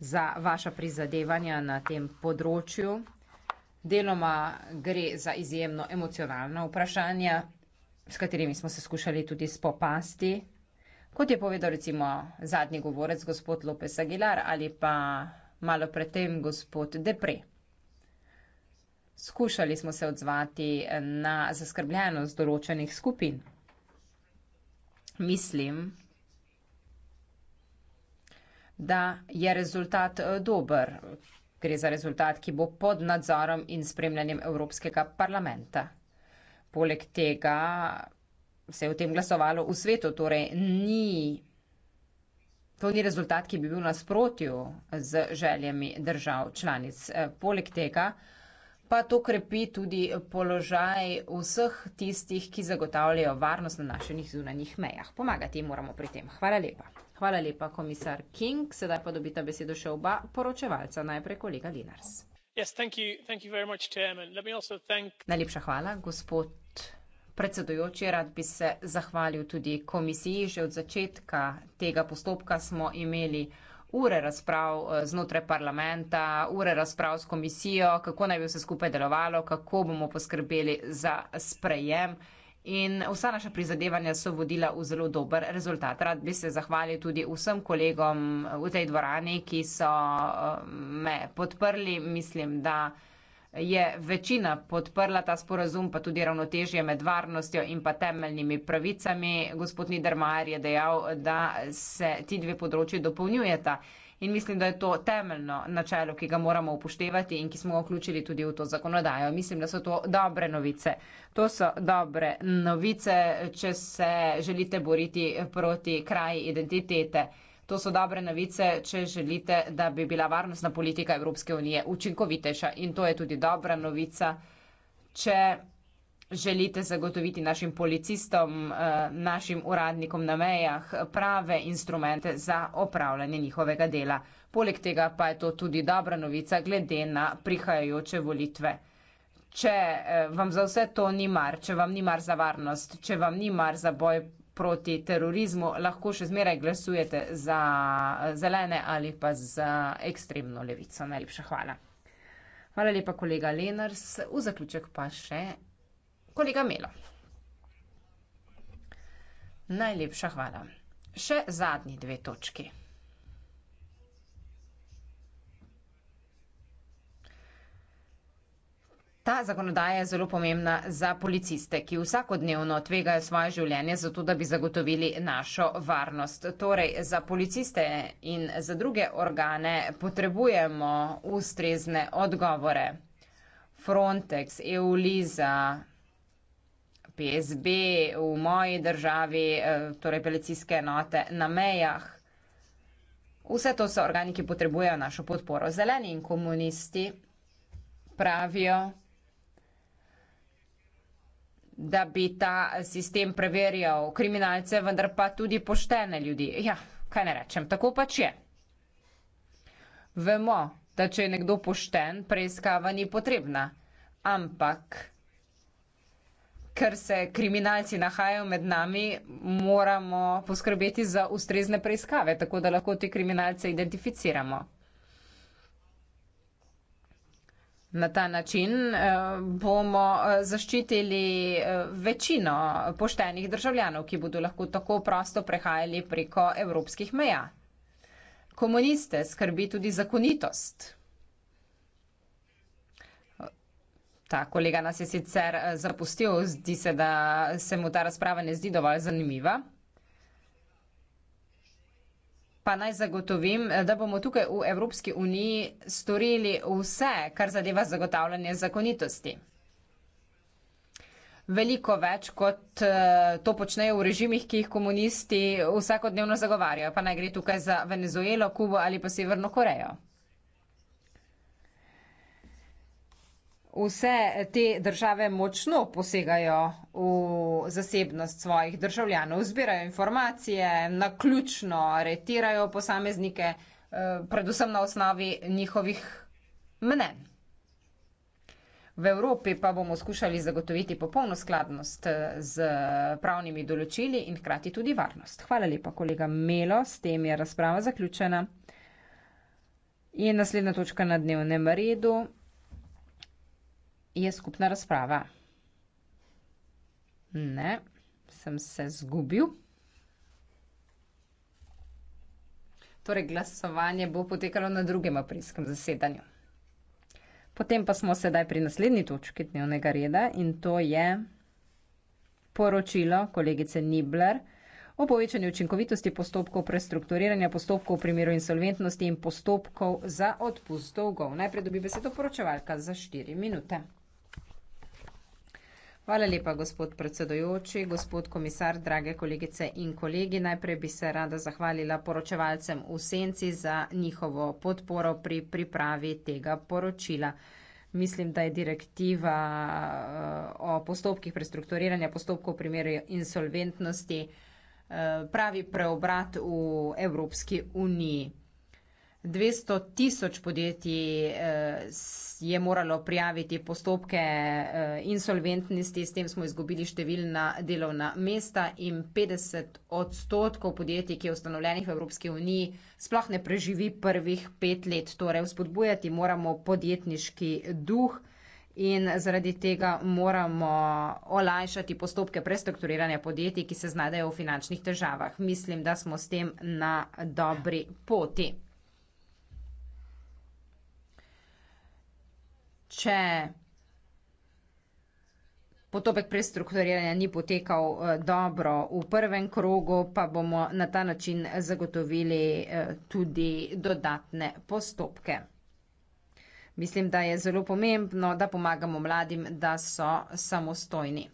za vaša prizadevanja na tem področju. Deloma gre za izjemno emocionalna vprašanja, s katerimi smo se skušali tudi spopasti. Kot je povedal recimo zadnji govorec gospod Lopes Aguilar ali pa malo predtem gospod Depre. Skušali smo se odzvati na zaskrbljenost določenih skupin. Mislim, da je rezultat eh, dober. Gre za rezultat, ki bo pod nadzorom in spremljanjem Evropskega parlamenta. Poleg tega se je v tem glasovalo v svetu, torej ni, to ni rezultat, ki bi bil nasprotju z željami držav članic. Eh, poleg tega pa to krepi tudi položaj vseh tistih, ki zagotavljajo varnost na naših zunanjih mejah. Pomagati jim moramo pri tem. Hvala lepa. Hvala lepa, komisar King. Sedaj pa dobita besedo še oba poročevalca. Najprej kolega Linars. Najlepša hvala, gospod predsedujoči. Rad bi se zahvalil tudi komisiji. Že od začetka tega postopka smo imeli ure razprav eh, znotraj parlamenta, ure razprav s komisijo, kako naj bi vse skupaj delovalo, kako bomo poskrbeli za sprejem in vsa naša prizadevanja so vodila v zelo dober rezultat. Rad bi se zahvalil tudi vsem kolegom v tej dvorani, ki so um, me podprli. Mislim, da je večina podprla ta sporazum, pa tudi ravnotežje med varnostjo in pa temeljnimi pravicami. Gospod Nidermajer je dejal, da se ti dve področji dopolnjujeta. In mislim, da je to temeljno načelo, ki ga moramo upoštevati in ki smo ga vključili tudi v to zakonodajo. Mislim, da so to dobre novice. To so dobre novice, če se želite boriti proti kraji identitete. To so dobre novice, če želite, da bi bila varnostna politika Evropske unije učinkovitejša. In to je tudi dobra novica, če želite zagotoviti našim policistom, eh, našim uradnikom na mejah prave instrumente za opravljanje njihovega dela. Poleg tega pa je to tudi dobra novica glede na prihajajoče volitve. Če eh, vam za vse to ni mar, če vam ni mar za varnost, če vam ni mar za boj proti terorizmu, lahko še zmeraj glasujete za eh, zelene ali pa za ekstremno levico. Najlepša hvala. Hvala lepa, kolega Lenars. V zaključek pa še kolega Melo. Najlepša hvala. Še zadnji dve točki. Ta zakonodaja je zelo pomembna za policiste, ki vsakodnevno tvegajo svoje življenje, zato da bi zagotovili našo varnost. Torej, za policiste in za druge organe potrebujemo ustrezne odgovore. Frontex, EU-LIZA, PSB v moji državi, eh, torej policijske enote na mejah. Vse to so organi, ki potrebujejo našo podporo. Zeleni in komunisti pravijo, da bi ta sistem preverjal kriminalce, vendar pa tudi poštene ljudi. Ja, kaj ne rečem, tako pač je. Vemo, da če je nekdo pošten, preiskava ni potrebna. Ampak ker se kriminalci nahajajo med nami, moramo poskrbeti za ustrezne preiskave, tako da lahko te kriminalce identificiramo. Na ta način eh, bomo eh, zaščitili eh, večino poštenih državljanov, ki bodo lahko tako prosto prehajali preko evropskih meja. Komuniste skrbi tudi zakonitost. Ta kolega nas je sicer eh, zapustil, zdi se, da se mu ta razprava ne zdi dovolj zanimiva. Pa naj zagotovim, eh, da bomo tukaj v Evropski uniji storili vse, kar zadeva zagotavljanje zakonitosti. Veliko več, kot eh, to počnejo v režimih, ki jih komunisti vsakodnevno zagovarjajo, pa naj gre tukaj za Venezuelo, Kubo ali pa Severno Korejo. vse te države močno posegajo v zasebnost svojih državljanov, zbirajo informacije, naključno aretirajo posameznike, eh, predvsem na osnovi njihovih mnen. V Evropi pa bomo skušali zagotoviti popolno skladnost eh, z pravnimi določili in hkrati tudi varnost. Hvala lepa, kolega Melo, s tem je razprava zaključena. In naslednja točka na dnevnem redu je skupna razprava? Ne, sem se zgubil. Torej, glasovanje bo potekalo na drugem aprilskem zasedanju. Potem pa smo sedaj pri naslednji točki dnevnega reda in to je poročilo kolegice Nibler o povečanju učinkovitosti postopkov prestrukturiranja postopkov v primeru insolventnosti in postopkov za odpust dolgov. Najprej dobi besedo poročevalka za 4 minute. Hvala lepa, gospod predsedojoči, gospod komisar, drage kolegice in kolegi. Najprej bi se rada zahvalila poročevalcem v senci za njihovo podporo pri pripravi tega poročila. Mislim, da je direktiva eh, o postopkih prestrukturiranja postopkov v primeru insolventnosti eh, pravi preobrat v Evropski uniji. 200 tisoč podjetij eh, je moralo prijaviti postopke eh, insolventnosti, s tem smo izgubili številna delovna mesta in 50 odstotkov podjetij, ki je ustanovljenih v Evropski uniji, sploh ne preživi prvih pet let. Torej, vzpodbujati moramo podjetniški duh. In zaradi tega moramo olajšati postopke prestrukturiranja podjetij, ki se znajdejo v finančnih težavah. Mislim, da smo s tem na dobri poti. če potopek prestrukturiranja ni potekal eh, dobro v prvem krogu, pa bomo na ta način zagotovili eh, tudi dodatne postopke. Mislim, da je zelo pomembno, da pomagamo mladim, da so samostojni.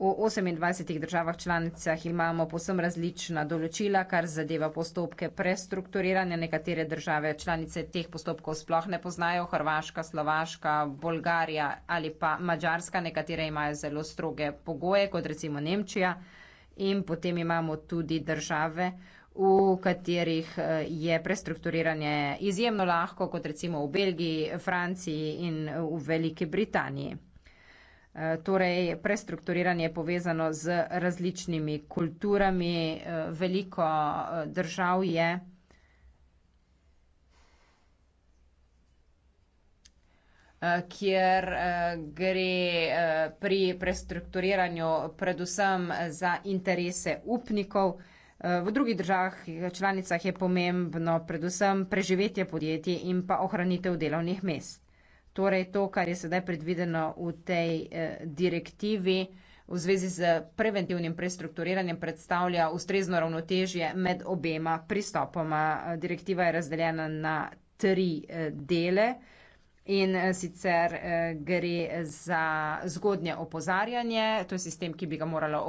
V 28 državah članicah imamo posebno različna določila, kar zadeva postopke prestrukturiranja. Nekatere države članice teh postopkov sploh ne poznajo, Hrvaška, Slovaška, Bolgarija ali pa Mačarska, nekatere imajo zelo stroge pogoje, kot recimo Nemčija. In potem imamo tudi države, v katerih eh, je prestrukturiranje izjemno lahko, kot recimo v Belgiji, Franciji in eh, v Veliki Britaniji. Torej, prestrukturiranje je povezano z različnimi kulturami, veliko eh, držav je eh, kjer eh, gre pri prestrukturiranju predvsem za interese upnikov. V drugih državah članicah je pomembno predvsem preživetje podjetij in pa ohranitev delovnih mest torej to, kar je sedaj predvideno v tej eh, direktivi v zvezi z preventivnim prestrukturiranjem, predstavlja ustrezno ravnotežje med obema pristopoma. Direktiva je razdeljena na tri eh, dele. In eh, sicer eh, gre za zgodnje opozarjanje, to je sistem, ki bi ga moralo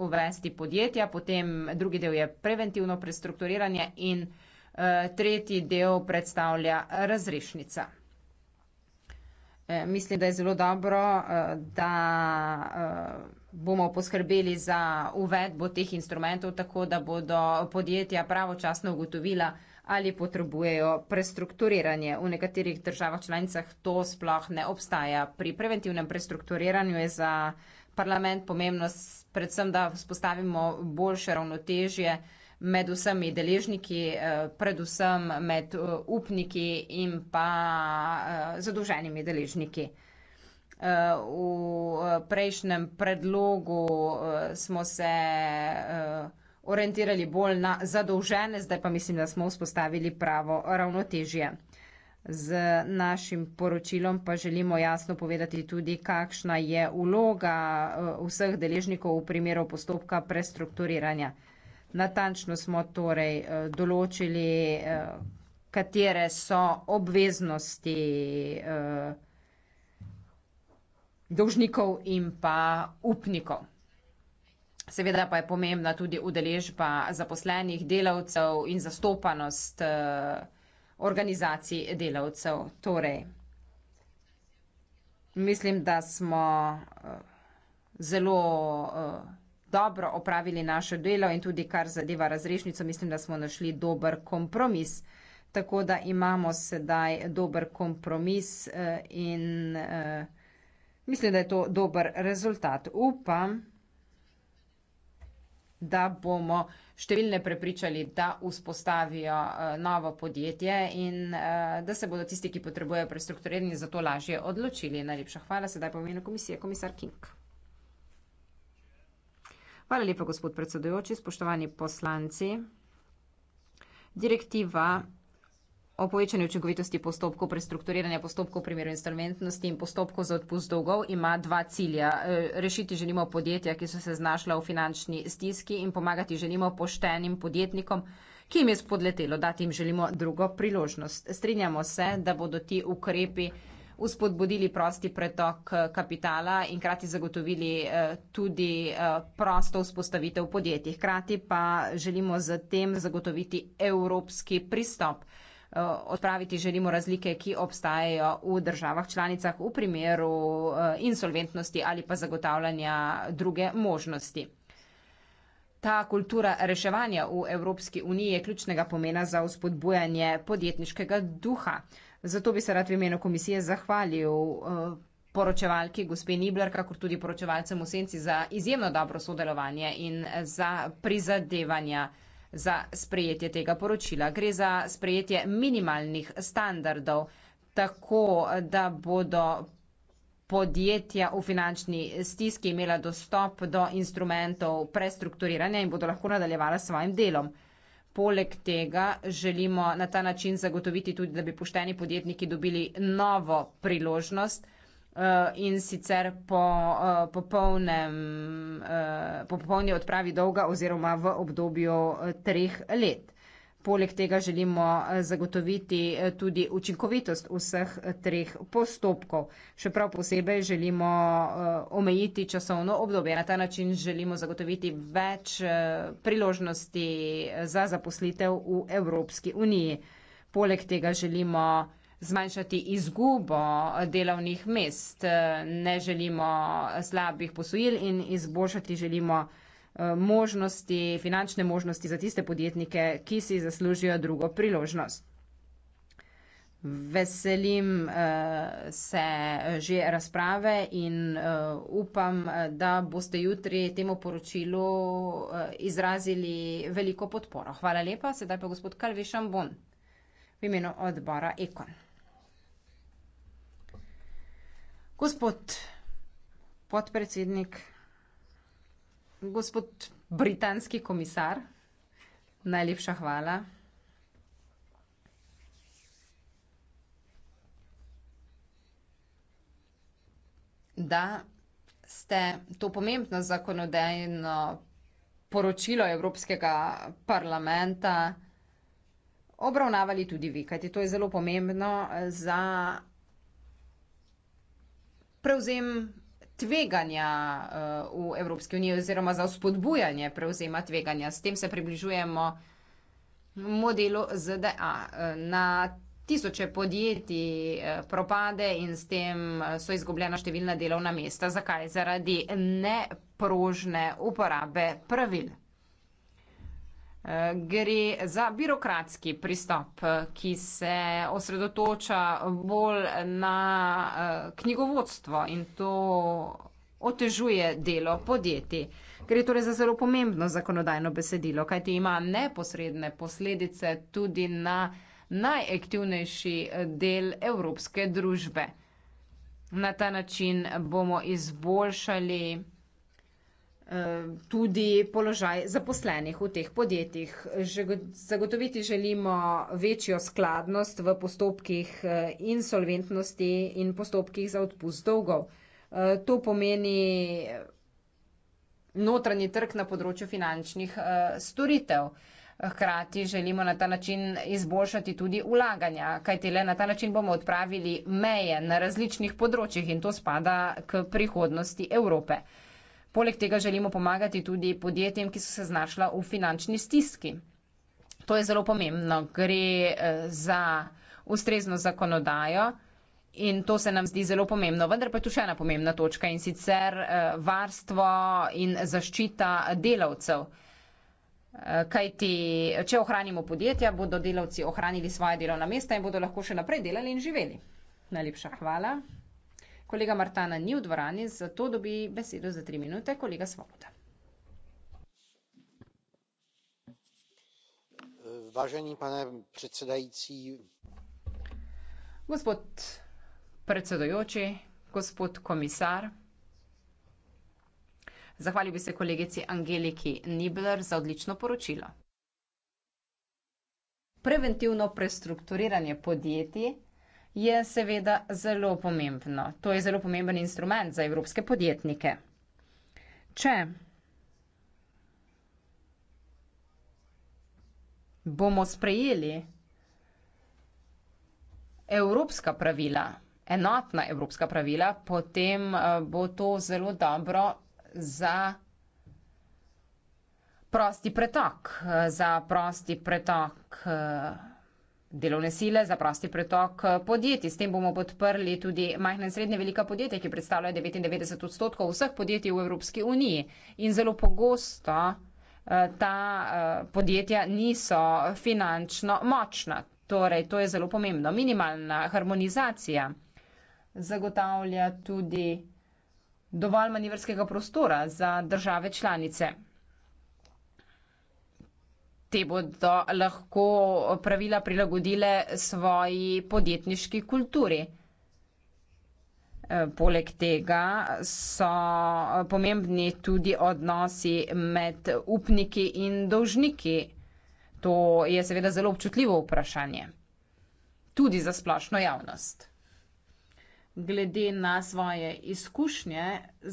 uvesti podjetja, potem drugi del je preventivno prestrukturiranje in eh, tretji del predstavlja razrešnica. Eh, mislim, da je zelo dobro, eh, da eh, bomo poskrbeli za uvedbo teh instrumentov, tako da bodo podjetja pravočasno ugotovila, ali potrebujejo prestrukturiranje. V nekaterih državah članicah to sploh ne obstaja. Pri preventivnem prestrukturiranju je za parlament pomembno predvsem, da vzpostavimo boljše ravnotežje med vsemi deležniki, eh, predvsem med eh, upniki in pa eh, zadolženimi deležniki. V prejšnjem predlogu smo se orientirali bolj na zadolžene, zdaj pa mislim, da smo vzpostavili pravo ravnotežje. Z našim poročilom pa želimo jasno povedati tudi, kakšna je uloga vseh deležnikov v primeru postopka prestrukturiranja. Natančno smo torej eh, določili, eh, katere so obveznosti eh, dolžnikov in pa upnikov. Seveda pa je pomembna tudi udeležba zaposlenih delavcev in zastopanost organizacij delavcev. Torej, mislim, da smo zelo dobro opravili naše delo in tudi kar zadeva razrešnico, mislim, da smo našli dober kompromis. Tako da imamo sedaj dober kompromis eh, in eh, mislim, da je to dober rezultat. Upam, da bomo številne prepričali, da vzpostavijo eh, novo podjetje in da se bodo tisti, ki potrebujejo prestrukturiranje, za to lažje odločili. Najlepša hvala, sedaj pa v imenu komisije, komisar King. Hvala lepa, gospod predsedujoči. Spoštovani poslanci. Direktiva o povečanju učinkovitosti postopkov prestrukturiranja postopkov v primeru insolventnosti in postopkov za odpust dolgov ima dva cilja. E, rešiti želimo podjetja, ki so se znašla v finančni stiski in pomagati želimo poštenim podjetnikom, ki jim je spodletelo. Dati jim želimo drugo priložnost. Strinjamo se, da bodo ti ukrepi uspodbudili prosti pretok eh, kapitala in krati zagotovili eh, tudi eh, prosto vzpostavitev podjetij. Hkrati pa želimo z tem zagotoviti evropski pristop. Odpraviti želimo razlike, ki obstajajo v državah članicah v primeru insolventnosti ali pa zagotavljanja druge možnosti. Ta kultura reševanja v Evropski uniji je ključnega pomena za vzpodbujanje podjetniškega duha. Zato bi se rad v imenu komisije zahvalil eh, poročevalki gospe Nibler, kakor tudi poročevalcem v senci za izjemno dobro sodelovanje in za prizadevanja za sprejetje tega poročila. Gre za sprejetje minimalnih standardov, tako da bodo podjetja v finančni stiski imela dostop do instrumentov prestrukturiranja in bodo lahko nadaljevala s svojim delom. Poleg tega želimo na ta način zagotoviti tudi, da bi pošteni podjetniki dobili novo priložnost eh, in sicer po, eh, popolnem, eh, po popolni odpravi dolga oziroma v obdobju treh let. Poleg tega želimo eh, zagotoviti eh, tudi učinkovitost vseh eh, treh postopkov. Še prav posebej želimo omejiti časovno obdobje. Na ta način želimo zagotoviti več priložnosti za zaposlitev v Evropski uniji. Poleg tega želimo zmanjšati izgubo delovnih mest. Ne želimo slabih posojil in izboljšati želimo. Eh, možnosti, finančne možnosti za tiste podjetnike, ki si zaslužijo drugo priložnost. Veselim eh, se že razprave in eh, upam, da boste jutri temu poročilu izrazili veliko podporo. Hvala lepa, sedaj pa gospod Kalvišan Bon v imenu odbora Ekon. Gospod podpredsednik gospod britanski komisar, najlepša hvala. Da ste to pomembno zakonodajno poročilo Evropskega parlamenta obravnavali tudi vi, kajti to je zelo pomembno za prevzem tveganja uh, v Evropski uniji oziroma za spodbujanje prevzema tveganja. S tem se približujemo modelu ZDA. Eh, na tisoče podjetij uh, propade in s tem so izgubljena številna delovna mesta. Zakaj? Zaradi neprožne uporabe pravil. Gre za birokratski pristop, ki se osredotoča bolj na eh, knjigovodstvo in to otežuje delo podjetij. Gre torej za zelo pomembno zakonodajno besedilo, kajti ima neposredne posledice tudi na najaktivnejši del evropske družbe. Na ta način bomo izboljšali Eh, tudi položaj zaposlenih v teh podjetjih. Zagotoviti želimo večjo skladnost v postopkih eh, insolventnosti in postopkih za odpust dolgov. Eh, to pomeni notranji trg na področju finančnih storitev. Hkrati želimo na ta način izboljšati tudi ulaganja, kajti le na ta način bomo odpravili meje na različnih področjih in to spada k prihodnosti Evrope. Poleg tega želimo pomagati tudi podjetjem, ki so se znašla v finančni stiski. To je zelo pomembno. Gre eh, za ustrezno zakonodajo in to se nam zdi zelo pomembno. Vendar pa je tu še ena pomembna točka in sicer eh, varstvo in zaščita delavcev. Eh, Kaj ti, če ohranimo podjetja, bodo delavci ohranili svoje delovna mesta in bodo lahko še naprej delali in živeli. Najlepša hvala. Kolega Martana ni v dvorani, zato dobi besedo za tri minute kolega Svoboda. Vážený pane predsedajúci. Gospod predsedujoči, gospod komisar, zahvalil bi se kolegici Angeliki Nibler za odlično poročilo. Preventivno prestrukturiranje podjetij je seveda zelo pomembno. To je zelo pomemben instrument za evropske podjetnike. Če bomo sprejeli evropska pravila, enotna evropska pravila, potem eh, bo to zelo dobro za prosti pretok, eh, za prosti pretok eh, delovne sile, za prosti pretok eh, podjetij. S tem bomo podprli tudi majhne in srednje velika podjetja, ki predstavljajo 99 odstotkov vseh podjetij v Evropski uniji. In zelo pogosto eh, ta eh, podjetja niso finančno močna. Torej, to je zelo pomembno. Minimalna harmonizacija zagotavlja tudi dovolj manjverskega prostora za države članice te bodo lahko pravila prilagodile svoji podjetniški kulturi. Eh, poleg tega so pomembni tudi odnosi med upniki in dolžniki. To je seveda zelo občutljivo vprašanje. Tudi za splošno javnost. Glede na svoje izkušnje,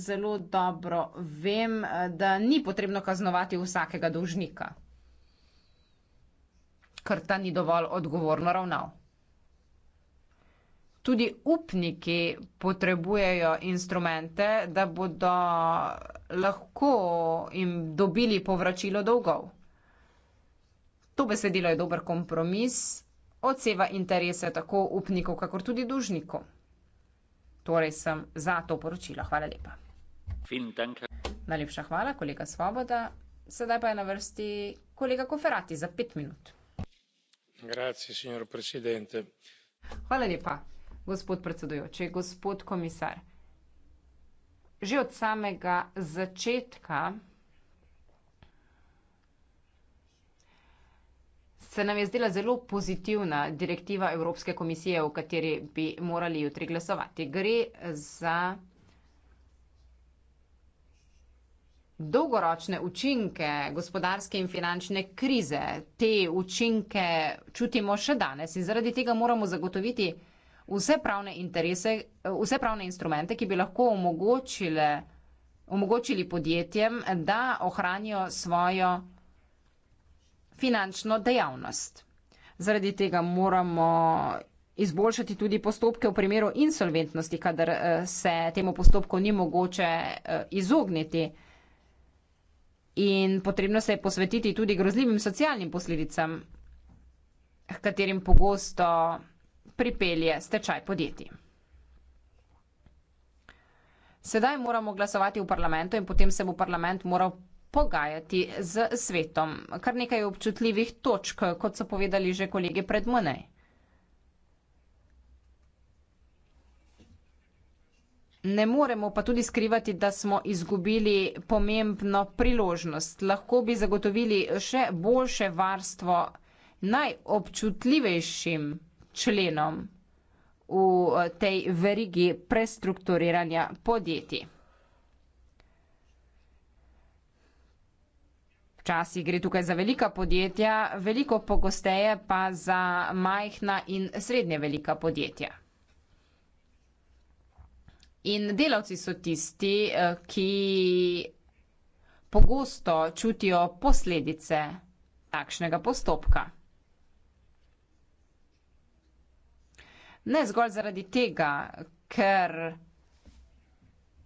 zelo dobro vem, eh, da ni potrebno kaznovati vsakega dolžnika ker ta ni dovolj odgovorno ravnal. Tudi upniki potrebujejo instrumente, da bodo lahko jim dobili povračilo dolgov. To besedilo je dober kompromis, odseva interese tako upnikov, kakor tudi dužnikov. Torej sem za to poročilo. Hvala lepa. Najlepša hvala, kolega Svoboda. Sedaj pa je na vrsti kolega Koferati za pet minut. Hvala lepa, gospod predsedujoči. Gospod komisar, že od samega začetka se nam je zdela zelo pozitivna direktiva Evropske komisije, o kateri bi morali jutri glasovati. Gre za dolgoročne učinke gospodarske in finančne krize. Te učinke čutimo še danes in zaradi tega moramo zagotoviti vse pravne interese, vse pravne instrumente, ki bi lahko omogočile, omogočili podjetjem, da ohranijo svojo finančno dejavnost. Zaradi tega moramo izboljšati tudi postopke v primeru insolventnosti, kadar eh, se temu postopku ni mogoče eh, izogniti. In potrebno se je posvetiti tudi grozljivim socialnim posledicam, h katerim pogosto pripelje stečaj podjetij. Sedaj moramo glasovati v parlamentu in potem se bo parlament moral pogajati z svetom. Kar nekaj občutljivih točk, kot so povedali že kolege pred mnej. Ne moremo pa tudi skrivati, da smo izgubili pomembno priložnost. Lahko bi zagotovili še boljše varstvo najobčutljivejšim členom v eh, tej verigi prestrukturiranja podjetij. Včasih gre tukaj za velika podjetja, veliko pogosteje pa za majhna in srednje velika podjetja. In delavci so tisti, eh, ki pogosto čutijo posledice takšnega postopka. Ne zgolj zaradi tega, ker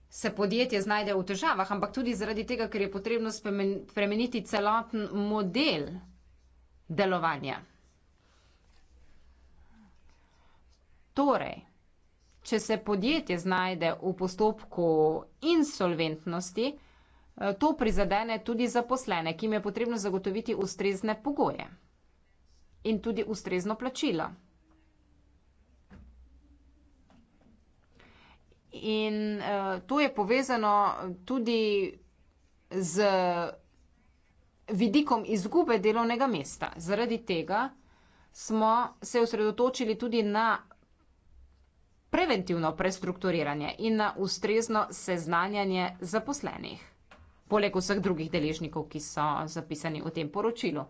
se podjetje znajde v težavah, ampak tudi zaradi tega, ker je potrebno spremeniti celoten model delovanja. Torej, če se podjetje znajde v postopku insolventnosti, eh, to prizadene tudi zaposlene, ki jim je potrebno zagotoviti ustrezne pogoje in tudi ustrezno plačilo. In uh, to je povezano tudi z vidikom izgube delovnega mesta. Zaradi tega smo se osredotočili tudi na preventivno prestrukturiranje in na ustrezno seznanjanje zaposlenih. Poleg vseh drugih deležnikov, ki so zapisani v tem poročilu.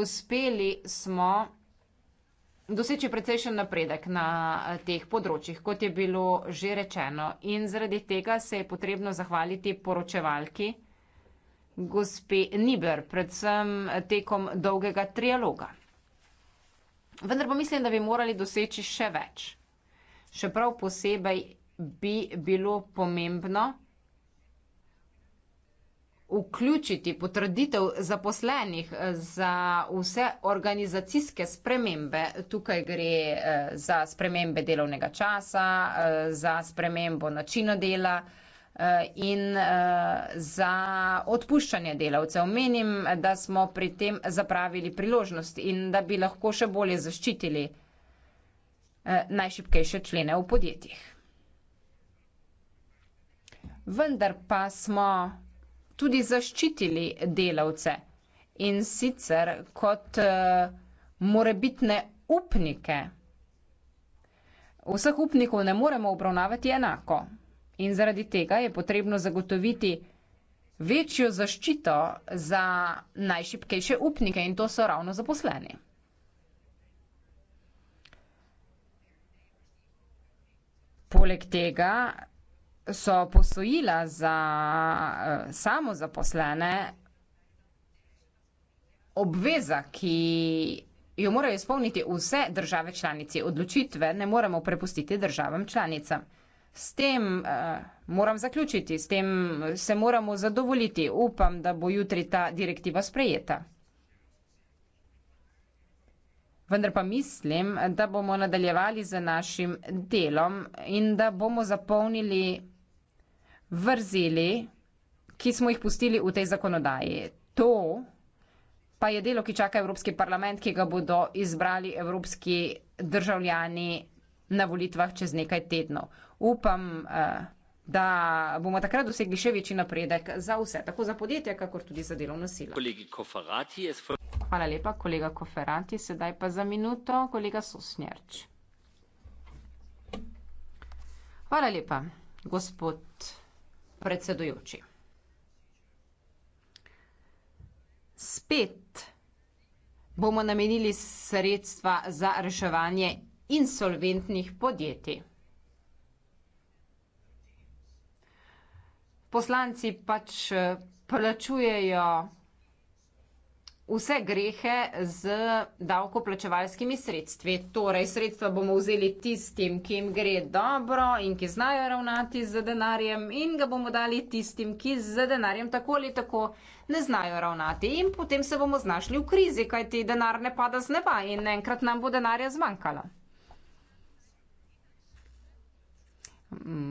Uspeli smo doseči precejšen napredek na eh, teh področjih, kot je bilo že rečeno. In zaradi tega se je potrebno zahvaliti poročevalki gospe Niber, predvsem tekom dolgega trialoga. Vendar pa mislim, da bi morali doseči še več še prav posebej bi bilo pomembno vključiti potrditev zaposlenih eh, za vse organizacijske spremembe. Tukaj gre eh, za spremembe delovnega časa, eh, za spremembo načina dela in za odpuščanje delavcev. Menim, da smo pri tem zapravili priložnost in da bi lahko še bolje zaščitili delavce. Eh, najšipkejše člene v podjetjih. Vendar pa smo tudi zaščitili delavce in sicer kot eh, morebitne upnike. Vseh upnikov ne moremo obravnavati enako in zaradi tega je potrebno zagotoviti večjo zaščito za najšipkejše upnike in to so ravno zaposleni. Poleg tega so posojila za uh, samozaposlene obveza, ki jo morajo izpolniti vse države članice. Odločitve ne moremo prepustiti državam članicam. S tem uh, moram zaključiti, s tem se moramo zadovoljiti. Upam, da bo jutri ta direktiva sprejeta vendar pa mislim, da bomo nadaljevali z našim delom in da bomo zapolnili vrzeli, ki smo jih pustili v tej zakonodaji. To pa je delo, ki čaka Evropski parlament, ki ga bodo izbrali evropski državljani na volitvah čez nekaj tednov. Upam, eh, da bomo takrat dosegli še večji napredek za vse, tako za podjetja, kakor tudi za delovno silo hvala lepa, kolega Koferanti. Sedaj pa za minuto, kolega Sosnjerč. Hvala lepa, gospod predsedujoči. Spet bomo namenili sredstva za reševanje insolventnih podjetij. Poslanci pač eh, plačujejo vse grehe z davkoplačevalskimi sredstvi. Torej, sredstva bomo vzeli tistim, ki jim gre dobro in ki znajo ravnati z denarjem in ga bomo dali tistim, ki z denarjem tako ali tako ne znajo ravnati. In potem se bomo znašli v krizi, kajti denar ne pada z neba in enkrat nam bo denarja zmanjkalo.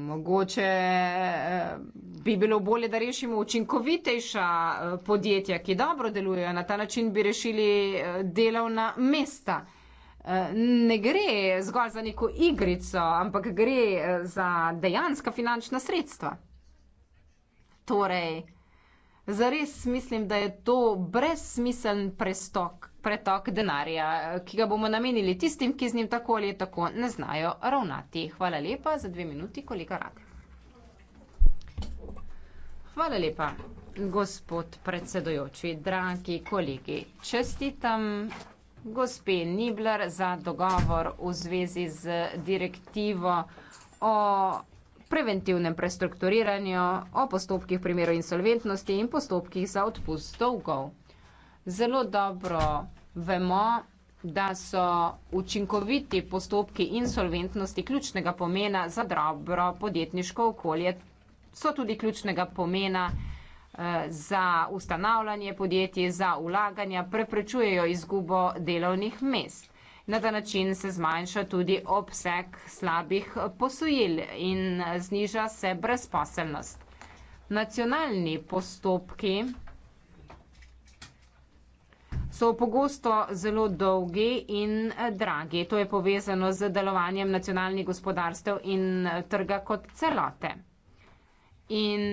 Mogoče eh, bi bilo bolje, da rešimo učinkovitejša eh, podjetja, ki dobro delujejo. Na ta način bi rešili eh, delovna mesta. Ne gre zgolj za neko igrico, ampak gre za dejanska finančna sredstva. Torej, zares mislim, da je to brezsmiseln prestok pretok denarja, ki ga bomo namenili tistim, ki z njim tako ali tako ne znajo ravnati. Hvala lepa za dve minuti, kolega Rak. Hvala lepa, gospod predsedojoči, dragi kolegi. Čestitam gospe Nibler za dogovor v zvezi z direktivo o preventivnem prestrukturiranju, o postopkih v primeru insolventnosti in postopkih za odpust dolgov zelo dobro vemo, da so učinkoviti postopki insolventnosti ključnega pomena za dobro podjetniško okolje, so tudi ključnega pomena eh, za ustanavljanje podjetij, za ulaganja, preprečujejo izgubo delovnih mest. Na ta način se zmanjša tudi obseg slabih posojil in eh, zniža se brezposelnost. Nacionalni postopki so pogosto zelo dolgi in eh, dragi. To je povezano z delovanjem nacionalnih gospodarstev in eh, trga kot celote. In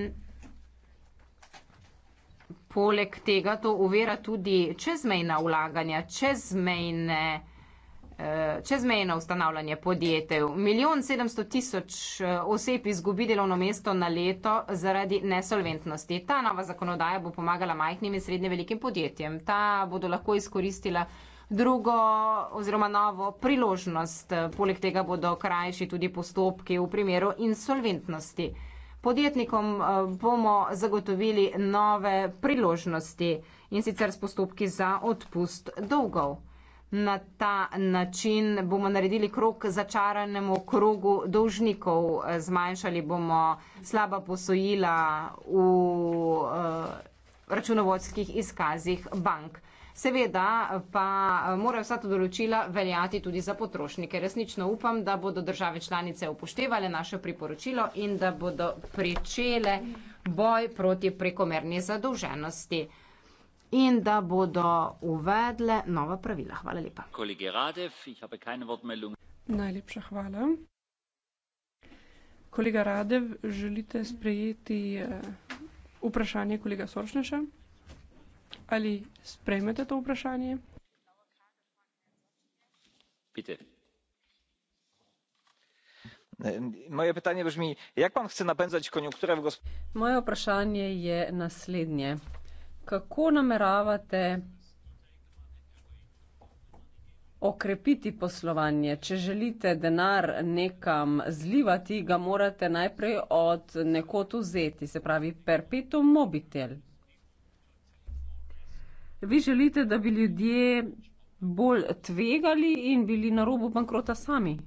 poleg tega to uvira tudi čezmejna vlaganja, čezmejne. Eh, čezmejno ustanavljanje podjetev. Milijon sedemsto tisoč eh, oseb izgubi delovno mesto na leto zaradi nesolventnosti. Ta nova zakonodaja bo pomagala majhnim in srednje velikim podjetjem. Ta bodo lahko izkoristila drugo oziroma novo priložnost. Poleg tega bodo krajši tudi postopki v primeru insolventnosti. Podjetnikom eh, bomo zagotovili nove priložnosti in sicer s postopki za odpust dolgov na ta način bomo naredili krog začaranemu krogu dolžnikov, zmanjšali bomo slaba posojila v eh, računovodskih izkazih bank. Seveda pa eh, morajo vsa ta določila veljati tudi za potrošnike. Resnično upam, da bodo države članice upoštevale naše priporočilo in da bodo pričele boj proti prekomerni zadolženosti in da bodo uvedle nova pravila. Hvala lepa. Najlepša hvala. Kolega Radev, želite sprejeti eh, vprašanje kolega Soršneša? Ali sprejmete to vprašanje? Pite. Moje vprašanje brzmi, jak vam chce napenzati konjunkture v gospodarstvu? Moje vprašanje je naslednje kako nameravate okrepiti poslovanje? Če želite denar nekam zlivati, ga morate najprej od nekod vzeti, se pravi perpetuum mobitel. Vi želite, da bi ljudje bolj tvegali in bili na robu bankrota sami?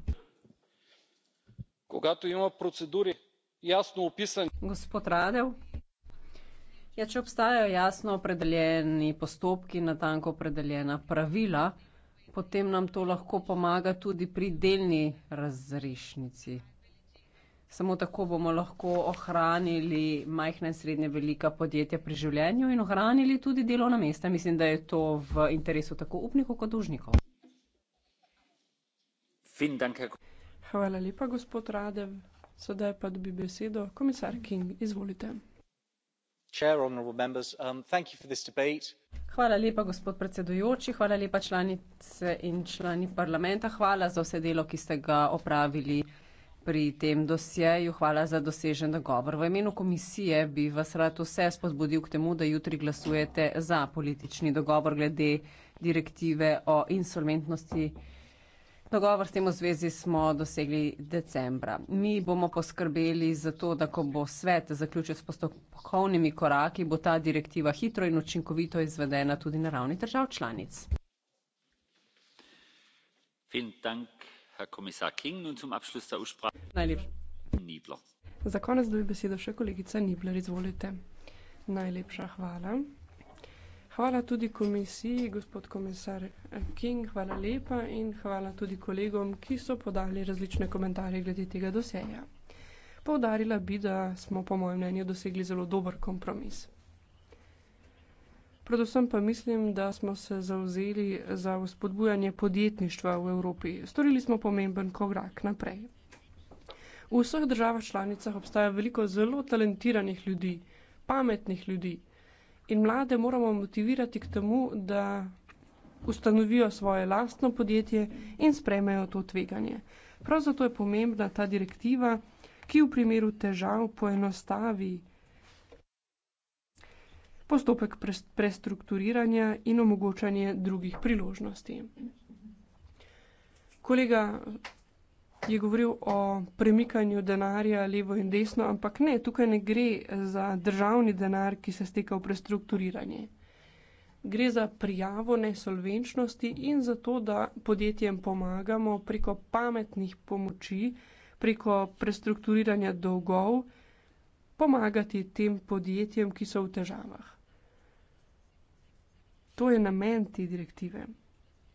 Gospod Radev. Ja, če obstajajo jasno opredeljeni postopki, natanko opredeljena pravila, potem nam to lahko pomaga tudi pri delni razrešnici. Samo tako bomo lahko ohranili majhna in srednje velika podjetja pri življenju in ohranili tudi delovna mesta. Mislim, da je to v interesu tako upnikov kot dužnikov. Hvala lepa, gospod Radev. Sedaj pa dobi besedo komisar King. Izvolite. Um, hvala lepa gospod predsedujoči hvala lepa članice in člani parlamenta hvala za vse delo ki ste ga opravili pri tem dosjeju hvala za dosežen dogovor v imenu komisije bi vas rad vse spodbudil k temu da jutri glasujete za politični dogovor glede direktive o insolventnosti Dogovor s tem v zvezi smo dosegli decembra. Mi bomo poskrbeli za to, da ko bo svet zaključil s postopkovnimi koraki, bo ta direktiva hitro in učinkovito izvedena tudi na ravni držav članic. Za konec dobi besedo še kolegica Nibler, izvolite. Najlepša hvala. Hvala tudi komisiji, gospod komisar King, hvala lepa in hvala tudi kolegom, ki so podali različne komentarje glede tega doseja. Poudarila bi, da smo po mojem mnenju dosegli zelo dober kompromis. Predvsem pa mislim, da smo se zauzeli za vzpodbujanje podjetništva v Evropi. Storili smo pomemben korak naprej. V vseh državah članicah obstaja veliko zelo talentiranih ljudi, pametnih ljudi, In mlade moramo motivirati k temu, da ustanovijo svoje lastno podjetje in sprejmejo to tveganje. Prav zato je pomembna ta direktiva, ki v primeru težav poenostavi postopek prestrukturiranja in omogočanje drugih priložnosti. Kolega je govoril o premikanju denarja levo in desno, ampak ne, tukaj ne gre za državni denar, ki se steka v prestrukturiranje. Gre za prijavo nesolvenčnosti in za to, da podjetjem pomagamo preko pametnih pomoči, preko prestrukturiranja dolgov, pomagati tem podjetjem, ki so v težavah. To je namen te direktive.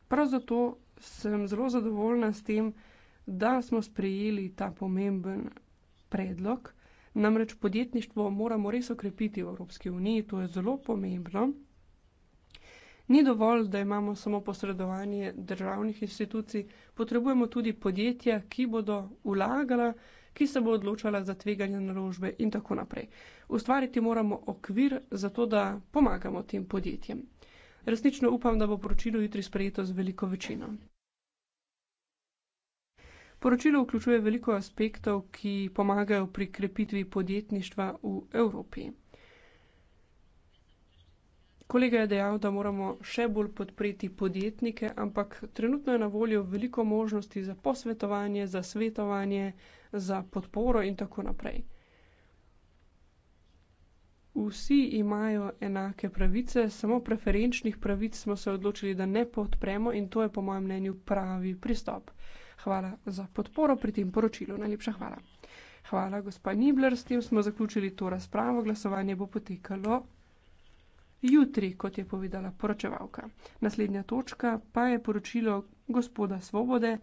Prav zato sem zelo zadovoljna s tem, da da smo sprejeli ta pomemben predlog. Namreč podjetništvo moramo res okrepiti v Evropski uniji, to je zelo pomembno. Ni dovolj, da imamo samo posredovanje državnih institucij, potrebujemo tudi podjetja, ki bodo vlagala, ki se bo odločala za tveganje naložbe in tako naprej. Ustvariti moramo okvir za to, da pomagamo tem podjetjem. Resnično upam, da bo poročilo jutri sprejeto z veliko večino. Poročilo vključuje veliko aspektov, ki pomagajo pri krepitvi podjetništva v Evropi. Kolega je dejal, da moramo še bolj podpreti podjetnike, ampak trenutno je na voljo veliko možnosti za posvetovanje, za svetovanje, za podporo in tako naprej. Vsi imajo enake pravice, samo preferenčnih pravic smo se odločili, da ne podpremo in to je po mojem mnenju pravi pristop. Hvala za podporo pri tem poročilu. Najlepša hvala. Hvala, gospa Nibler. S tem smo zaključili to razpravo. Glasovanje bo potekalo jutri, kot je povedala poročevalka. Naslednja točka pa je poročilo gospoda Svobode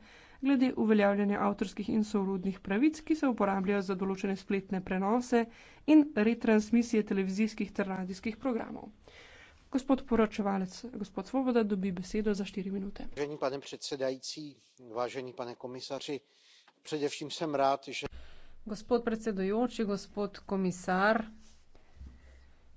glede uveljavljanja avtorskih in sorodnih pravic, ki se uporabljajo za določene spletne prenose in retransmisije televizijskih ter radijskih programov. Gospod poročevalec, gospod Svoboda dobi besedo za štiri minute. Vážený pane predsedajúci, vážený pane komisaři, predevším som rád, že... Gospod predsedujoči, gospod komisar,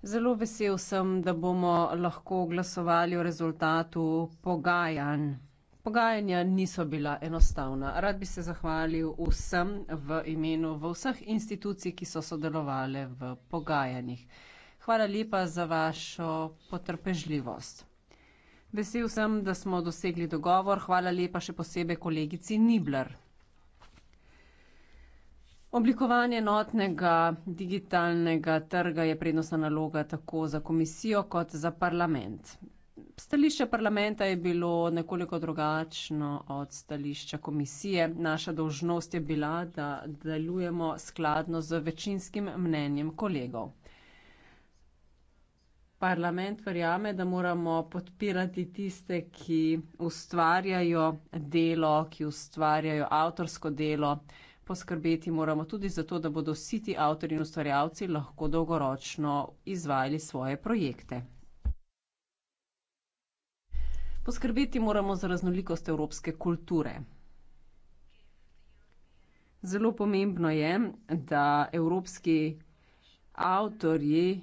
zelo vesel sem, da bomo lahko glasovali o rezultatu pogajanj. Pogajanja niso bila enostavna. Rad bi se zahvalil vsem v imenu v vseh institucij, ki so sodelovali v pogajanjih. Hvala lepa za vašo potrpežljivost. Vesel sem, da smo dosegli dogovor. Hvala lepa še posebej kolegici Nibler. Oblikovanje enotnega digitalnega trga je prednostna naloga tako za komisijo kot za parlament. Stališče parlamenta je bilo nekoliko drugačno od stališča komisije. Naša dolžnost je bila, da delujemo skladno z večinskim mnenjem kolegov parlament verjame, da moramo podpirati tiste, ki ustvarjajo delo, ki ustvarjajo avtorsko delo. Poskrbeti moramo tudi za to, da bodo vsi ti avtori in ustvarjalci lahko dolgoročno izvajali svoje projekte. Poskrbeti moramo za raznolikost evropske kulture. Zelo pomembno je, da evropski avtorji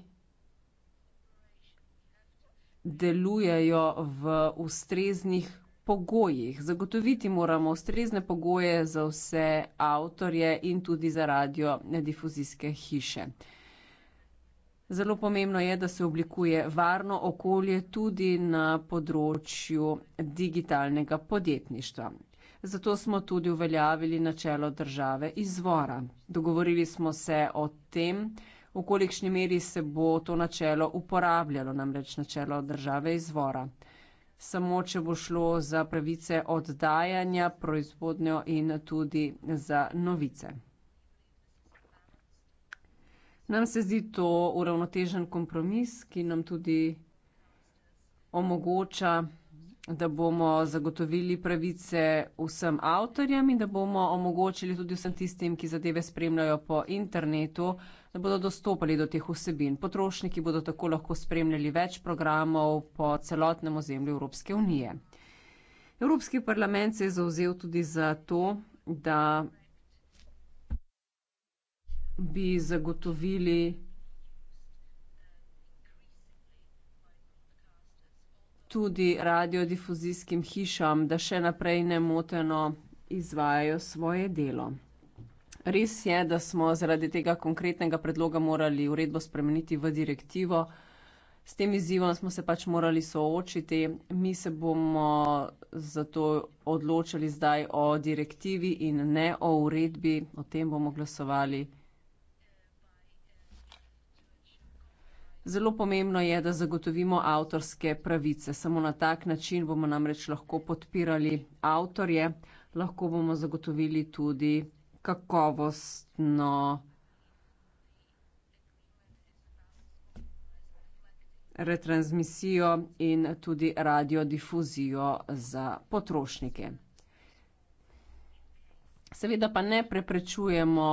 delujejo v ustreznih pogojih. Zagotoviti moramo ustrezne pogoje za vse avtorje in tudi za radio difuzijske hiše. Zelo pomembno je, da se oblikuje varno okolje tudi na področju digitalnega podjetništva. Zato smo tudi uveljavili načelo države izvora. Dogovorili smo se o tem, v kolikšni meri se bo to načelo uporabljalo, namreč načelo države izvora. Samo, če bo šlo za pravice oddajanja, proizvodnjo in tudi za novice. Nam se zdi to uravnotežen kompromis, ki nam tudi omogoča da bomo zagotovili pravice vsem avtorjem in da bomo omogočili tudi vsem tistim, ki zadeve spremljajo po internetu, da bodo dostopali do teh vsebin. Potrošniki bodo tako lahko spremljali več programov po celotnem ozemlju Evropske unije. Evropski parlament se je zauzel tudi za to, da bi zagotovili tudi radiodifuzijskim hišam, da še naprej nemoteno izvajajo svoje delo. Res je, da smo zaradi tega konkretnega predloga morali uredbo spremeniti v direktivo. S tem izzivom smo se pač morali soočiti. Mi se bomo zato odločili zdaj o direktivi in ne o uredbi. O tem bomo glasovali. Zelo pomembno je, da zagotovimo avtorske pravice. Samo na tak način bomo namreč lahko podpirali avtorje, lahko bomo zagotovili tudi kakovostno retransmisijo in tudi radiodifuzijo za potrošnike. Seveda pa ne preprečujemo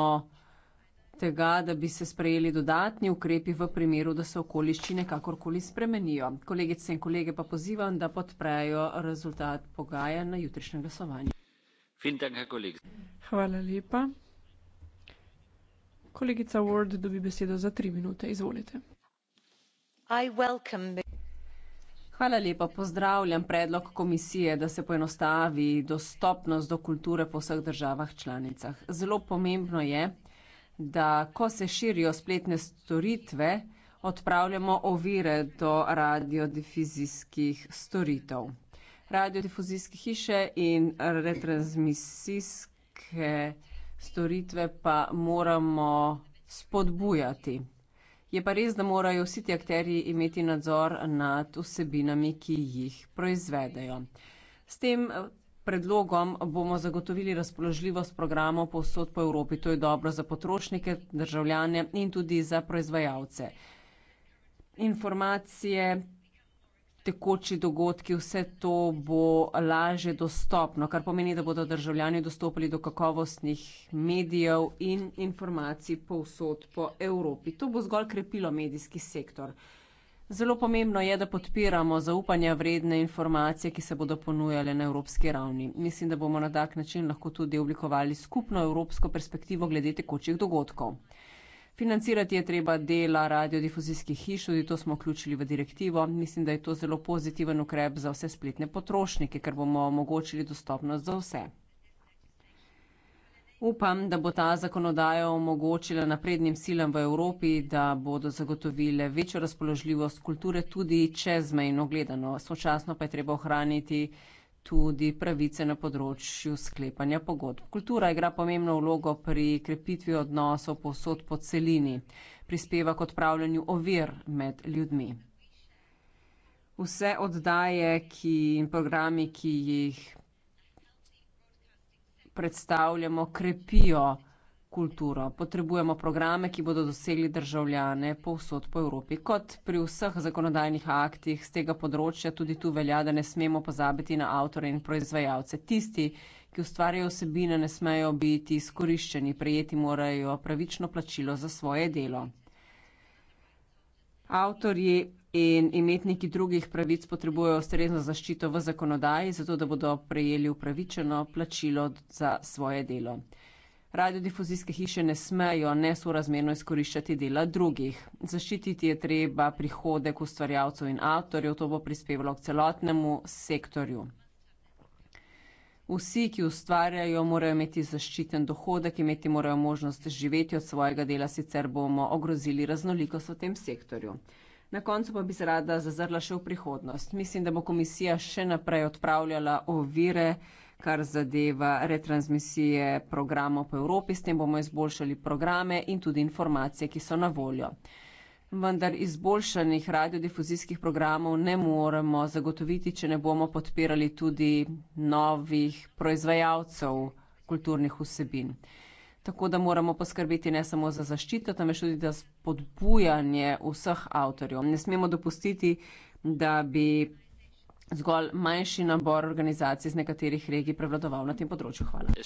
tega, da bi se sprejeli dodatni ukrepi v primeru, da se okoliščine kakorkoli spremenijo. Kolegice in kolege pa pozivam, da podprejo rezultat pogajanja na jutrišnjem glasovanju. Hvala lepa. Kolegica Ward dobi besedo za tri minute. Izvolite. Hvala lepa. Pozdravljam predlog komisije, da se poenostavi dostopnost do kulture po vseh državah članicah. Zelo pomembno je, da ko se širijo spletne storitve, odpravljamo ovire do radiodifizijskih storitev. Radiodifuzijske hiše in retransmisijske storitve pa moramo spodbujati. Je pa res, da morajo vsi ti akteri imeti nadzor nad vsebinami, ki jih proizvedejo. S tem predlogom bomo zagotovili razpoložljivost programov povsod po Evropi. To je dobro za potrošnike, državljane in tudi za proizvajalce. Informacije, tekoči dogodki, vse to bo lažje dostopno, kar pomeni, da bodo državljani dostopali do kakovostnih medijev in informacij povsod po Evropi. To bo zgolj krepilo medijski sektor. Zelo pomembno je, da podpiramo zaupanja vredne informacije, ki se bodo ponujale na evropski ravni. Mislim, da bomo na tak način lahko tudi oblikovali skupno evropsko perspektivo glede tekočih dogodkov. Financirati je treba dela radiodifuzijskih hiš, tudi to smo vključili v direktivo. Mislim, da je to zelo pozitiven ukrep za vse spletne potrošnike, ker bomo omogočili dostopnost za vse. Upam, da bo ta zakonodaja omogočila naprednim silam v Evropi, da bodo zagotovile večjo razpoložljivost kulture tudi čezmejno gledano. Sočasno pa je treba ohraniti tudi pravice na področju sklepanja pogodb. Kultura igra pomembno vlogo pri krepitvi odnosov posod po celini. Prispeva k odpravljanju ovir med ljudmi. Vse oddaje in programi, ki jih predstavljamo, krepijo kulturo. Potrebujemo programe, ki bodo dosegli državljane povsod po Evropi. Kot pri vseh zakonodajnih aktih z tega področja, tudi tu velja, da ne smemo pozabiti na avtore in proizvajalce. Tisti, ki ustvarjajo vsebine, ne smejo biti izkoriščeni, prejeti morajo pravično plačilo za svoje delo. Avtorji in imetniki drugih pravic potrebujejo ustrezno zaščito v zakonodaji, zato da bodo prejeli upravičeno plačilo za svoje delo. Radiodifuzijske hiše ne smejo nesorazmerno izkoriščati dela drugih. Zaščititi je treba prihodek ustvarjalcev in avtorjev, to bo prispevalo k celotnemu sektorju. Vsi, ki ustvarjajo, morajo imeti zaščiten dohodek, imeti morajo možnost živeti od svojega dela, sicer bomo ogrozili raznolikost v tem sektorju. Na koncu pa bi se rada zazrla še v prihodnost. Mislim, da bo komisija še naprej odpravljala ovire, kar zadeva retransmisije programov po Evropi, s tem bomo izboljšali programe in tudi informacije, ki so na voljo vendar izboljšanih radiodifuzijskih programov ne moremo zagotoviti, če ne bomo podpirali tudi novih proizvajalcev kulturnih vsebin. Tako da moramo poskrbeti ne samo za zaščito, temveč tudi za spodbujanje vseh avtorjev. Ne smemo dopustiti, da bi zgolj manjši nabor organizacij iz nekaterih regij prevladoval na tem področju. Hvala.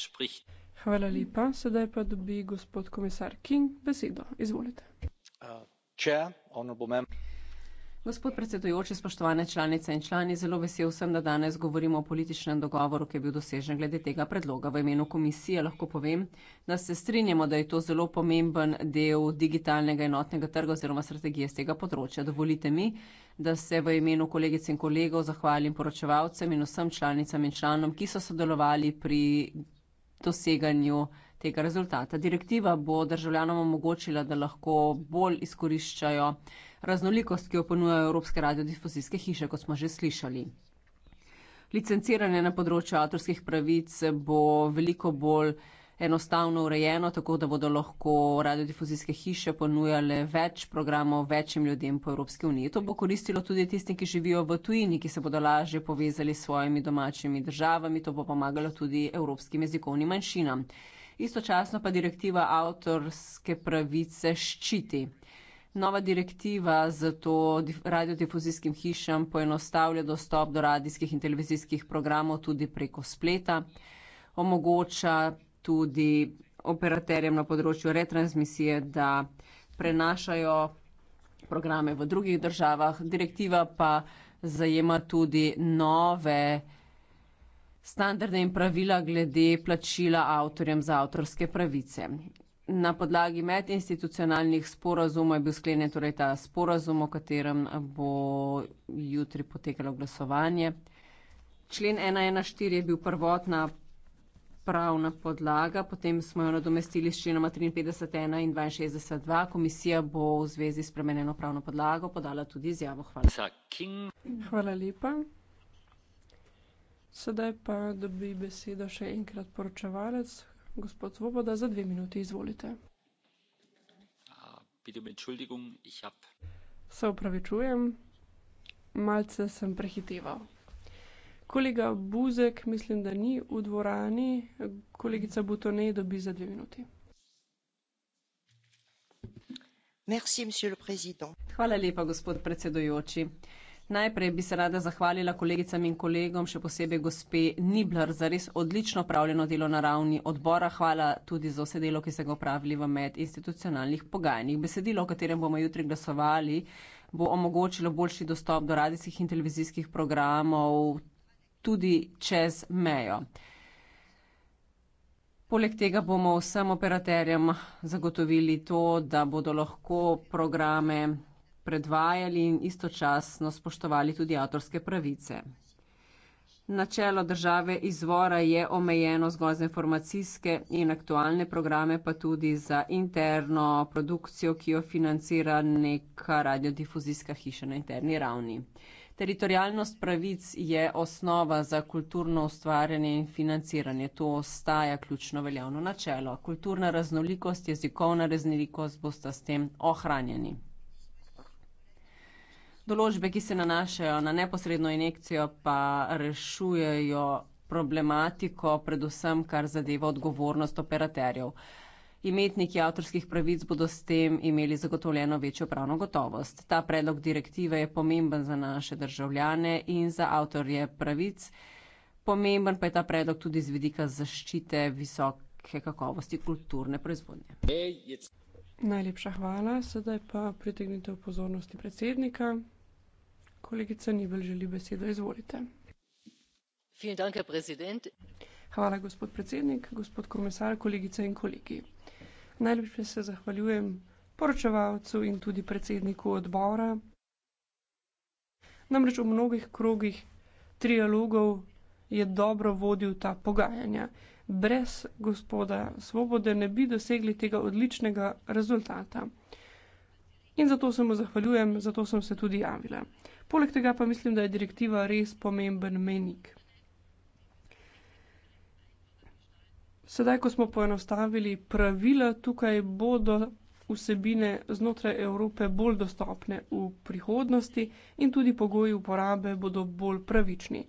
Hvala lepa. Sedaj pa dobi gospod komisar King besedo. Izvolite. Uh. Gospod predsedujoči, spoštovane članice in člani, zelo vesel sem, da danes govorimo o političnem dogovoru, ki je bil dosežen glede tega predloga. V imenu komisije lahko povem, da se strinjamo, da je to zelo pomemben del digitalnega enotnega trga oziroma strategije s tega področja. Dovolite mi, da se v imenu kolegic in kolegov zahvalim poročevalcem in vsem članicam in članom, ki so sodelovali pri doseganju tega tega rezultata. Direktiva bo državljanom omogočila, da lahko bolj izkoriščajo raznolikost, ki jo ponujajo Evropske radiodifuzijske hiše, kot smo že slišali. Licenciranje na področju avtorskih pravic bo veliko bolj enostavno urejeno, tako da bodo lahko radiodifuzijske hiše ponujale več programov večjim ljudem po Evropski uniji. To bo koristilo tudi tistim, ki živijo v tujini, ki se bodo lažje povezali s svojimi domačimi državami, to bo pomagalo tudi evropskim jezikovnim manjšinam istočasno pa direktiva avtorske pravice ščiti. Nova direktiva zato radiodifuzijskim hišam poenostavlja dostop do radijskih in televizijskih programov tudi preko spleta, omogoča tudi operaterjem na področju retransmisije, da prenašajo programe v drugih državah. Direktiva pa zajema tudi nove standarde in pravila glede plačila avtorjem za avtorske pravice. Na podlagi medinstitucionalnih sporazumov je bil sklenjen torej ta sporazum, o katerem bo jutri potekalo glasovanje. Člen 114 je bil prvotna pravna podlaga, potem smo jo nadomestili s členoma 53.1 in 62.2. Komisija bo v zvezi s premenjeno pravno podlago podala tudi izjavo. Hvala. Hvala lepa. Sedaj pa dobi besedo še enkrat poročevalec, gospod Svoboda, za dve minuti, izvolite. Um Se opravičujem, malce sem prehiteval. Kolega Buzek, mislim, da ni v dvorani, kolegica Butone dobi za dve minuti. Hvala lepa, gospod predsedujoči. Najprej bi se rada zahvalila kolegicam in kolegom, še posebej gospe Nibler, za res odlično upravljeno delo na ravni odbora. Hvala tudi za vse delo, ki ste ga upravili v medinstitucionalnih pogajanjih. Besedilo, o katerem bomo jutri glasovali, bo omogočilo boljši dostop do radijskih in televizijskih programov tudi čez mejo. Poleg tega bomo vsem operaterjem zagotovili to, da bodo lahko programe predvajali in istočasno spoštovali tudi avtorske pravice. Načelo države izvora je omejeno zgolj za informacijske in aktualne programe, pa tudi za interno produkcijo, ki jo financira neka radiodifuzijska hiša na interni ravni. Teritorijalnost pravic je osnova za kulturno ustvarjanje in financiranje. To ostaja ključno veljavno načelo. Kulturna raznolikost, jezikovna raznolikost bosta s tem ohranjeni. Določbe, ki se nanašajo na neposredno injekcijo, pa rešujejo problematiko, predvsem kar zadeva odgovornost operaterjev. Imetniki avtorskih pravic bodo s tem imeli zagotovljeno večjo pravno gotovost. Ta predlog direktive je pomemben za naše državljane in za avtorje pravic. Pomemben pa je ta predlog tudi z vidika zaščite visoke kakovosti kulturne proizvodnje. Najlepša hvala, sedaj pa pritegnite v pozornosti predsednika. Kolegica Nibel želi besedo, izvolite. Hvala, gospod predsednik, gospod komisar, kolegice in kolegi. Najlepše se zahvaljujem poročevalcu in tudi predsedniku odbora. Namreč v mnogih krogih trialogov je dobro vodil ta pogajanja. Brez gospoda Svobode ne bi dosegli tega odličnega rezultata. In zato se mu zahvaljujem, zato sem se tudi javila. Poleg tega pa mislim, da je direktiva res pomemben menik. Sedaj, ko smo poenostavili pravila, tukaj bodo vsebine znotraj Evrope bolj dostopne v prihodnosti in tudi pogoji uporabe bodo bolj pravični.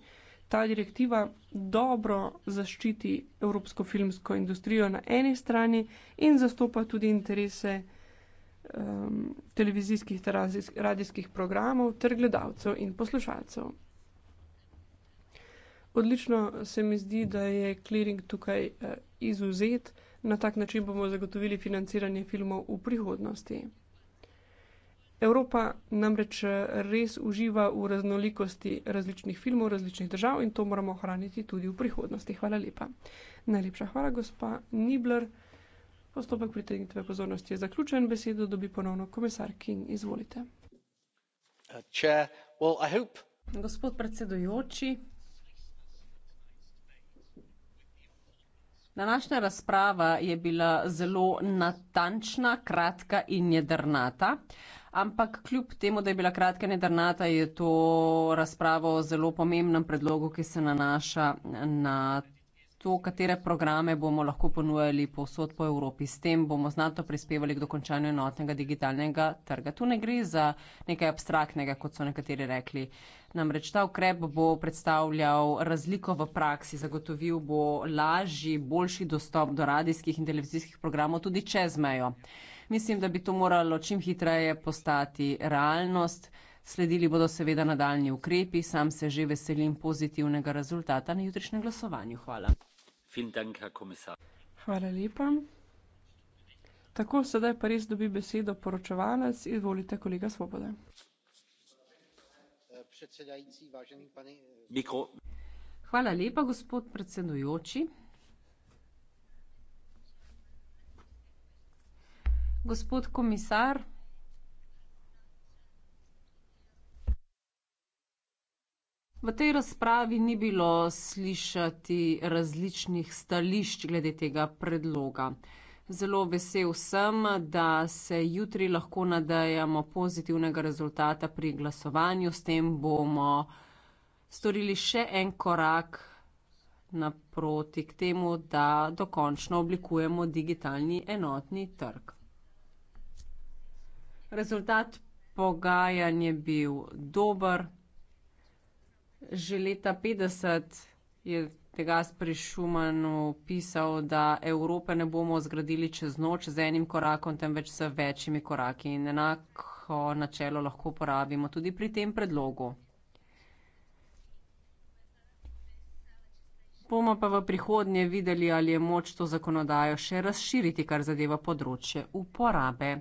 Ta direktiva dobro zaščiti evropsko filmsko industrijo na eni strani in zastopa tudi interese um, televizijskih ter radijskih programov ter gledalcev in poslušalcev. Odlično se mi zdi, da je clearing tukaj uh, eh, izuzet, na tak način bomo zagotovili financiranje filmov v prihodnosti. Evropa namreč eh, res uživa v raznolikosti različnih filmov, različnih držav in to moramo ohraniti tudi v prihodnosti. Hvala lepa. Najlepša hvala, gospa Nibler. Postopek pritegnitve pozornosti je zaključen. Besedo dobi ponovno komisar King. Izvolite. Uh, Gospod predsedujoči, današnja razprava je bila zelo natančna, kratka in jedrnata. Ampak kljub temu, da je bila kratka in jedrnata, je to razprava o zelo pomembnem predlogu, ki se nanaša na to, katere programe bomo lahko ponujali povsod po Evropi. S tem bomo znato prispevali k dokončanju enotnega digitalnega trga. Tu ne gre za nekaj abstraktnega, kot so nekateri rekli. Namreč ta ukrep bo predstavljal razliko v praksi, zagotovil bo lažji, boljši dostop do radijskih in televizijskih programov tudi čez mejo. Mislim, da bi to moralo čim hitreje postati realnost. Sledili bodo seveda nadaljni ukrepi, sam se že veselim pozitivnega rezultata na jutrišnjem glasovanju. Hvala. Hvala lepa. Tako, sedaj pa res dobi besedo poročevalec. Izvolite, kolega Svoboda. Eh, eh, Mikro. Hvala lepa, gospod predsedujoči. Gospod komisar. V tej razpravi ni bilo slišati različnih stališč glede tega predloga. Zelo vesel sem, da se jutri lahko nadejamo pozitivnega rezultata pri glasovanju. S tem bomo storili še en korak naproti k temu, da dokončno oblikujemo digitalni enotni trg. Rezultat pogajanj je bil dober. Že leta 50 je tega sprišumanu pisal, da Evrope ne bomo zgradili čez noč z enim korakom, temveč z večjimi koraki. In enako načelo lahko uporabimo tudi pri tem predlogu. Bomo pa v prihodnje videli, ali je moč to zakonodajo še razširiti, kar zadeva področje uporabe.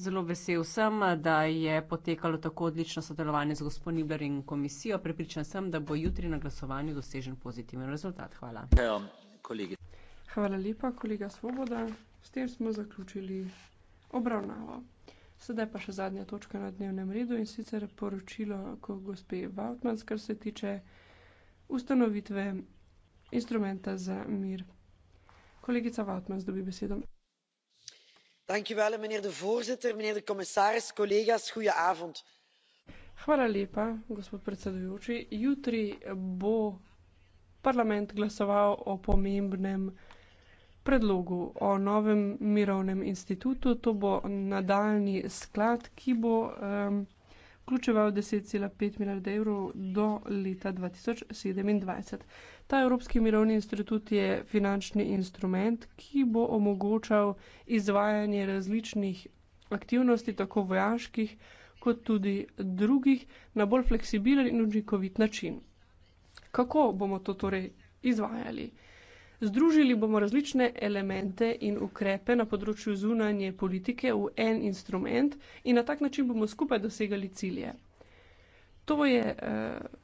Zelo vesel sem, da je potekalo tako odlično sodelovanje z gospod Nibler in komisijo. Pripričan sem, da bo jutri na glasovanju dosežen pozitiven rezultat. Hvala. Hvala lepa, kolega Svoboda. S tem smo zaključili obravnavo. Sedaj pa še zadnja točka na dnevnem redu in sicer poročilo ko gospe Vautmans, kar se tiče ustanovitve instrumenta za mir. Kolegica Vautmans dobi besedo mijnheer de voorzitter mijnheer de commissaris collega's goedenavond. jutri bo parlament glasoval o pomembnem predlogu o novem mirovnem institutu to bo nadaljnji sklad ki bo um, vključeval deset pet milijard evrov do leta dva tisoč sedemindvajset Ta Evropski mirovni institut je finančni instrument, ki bo omogočal izvajanje različnih aktivnosti, tako vojaških kot tudi drugih, na bolj fleksibilen in učinkovit način. Kako bomo to torej izvajali? Združili bomo različne elemente in ukrepe na področju zunanje politike v en instrument in na tak način bomo skupaj dosegali cilje. To je eh,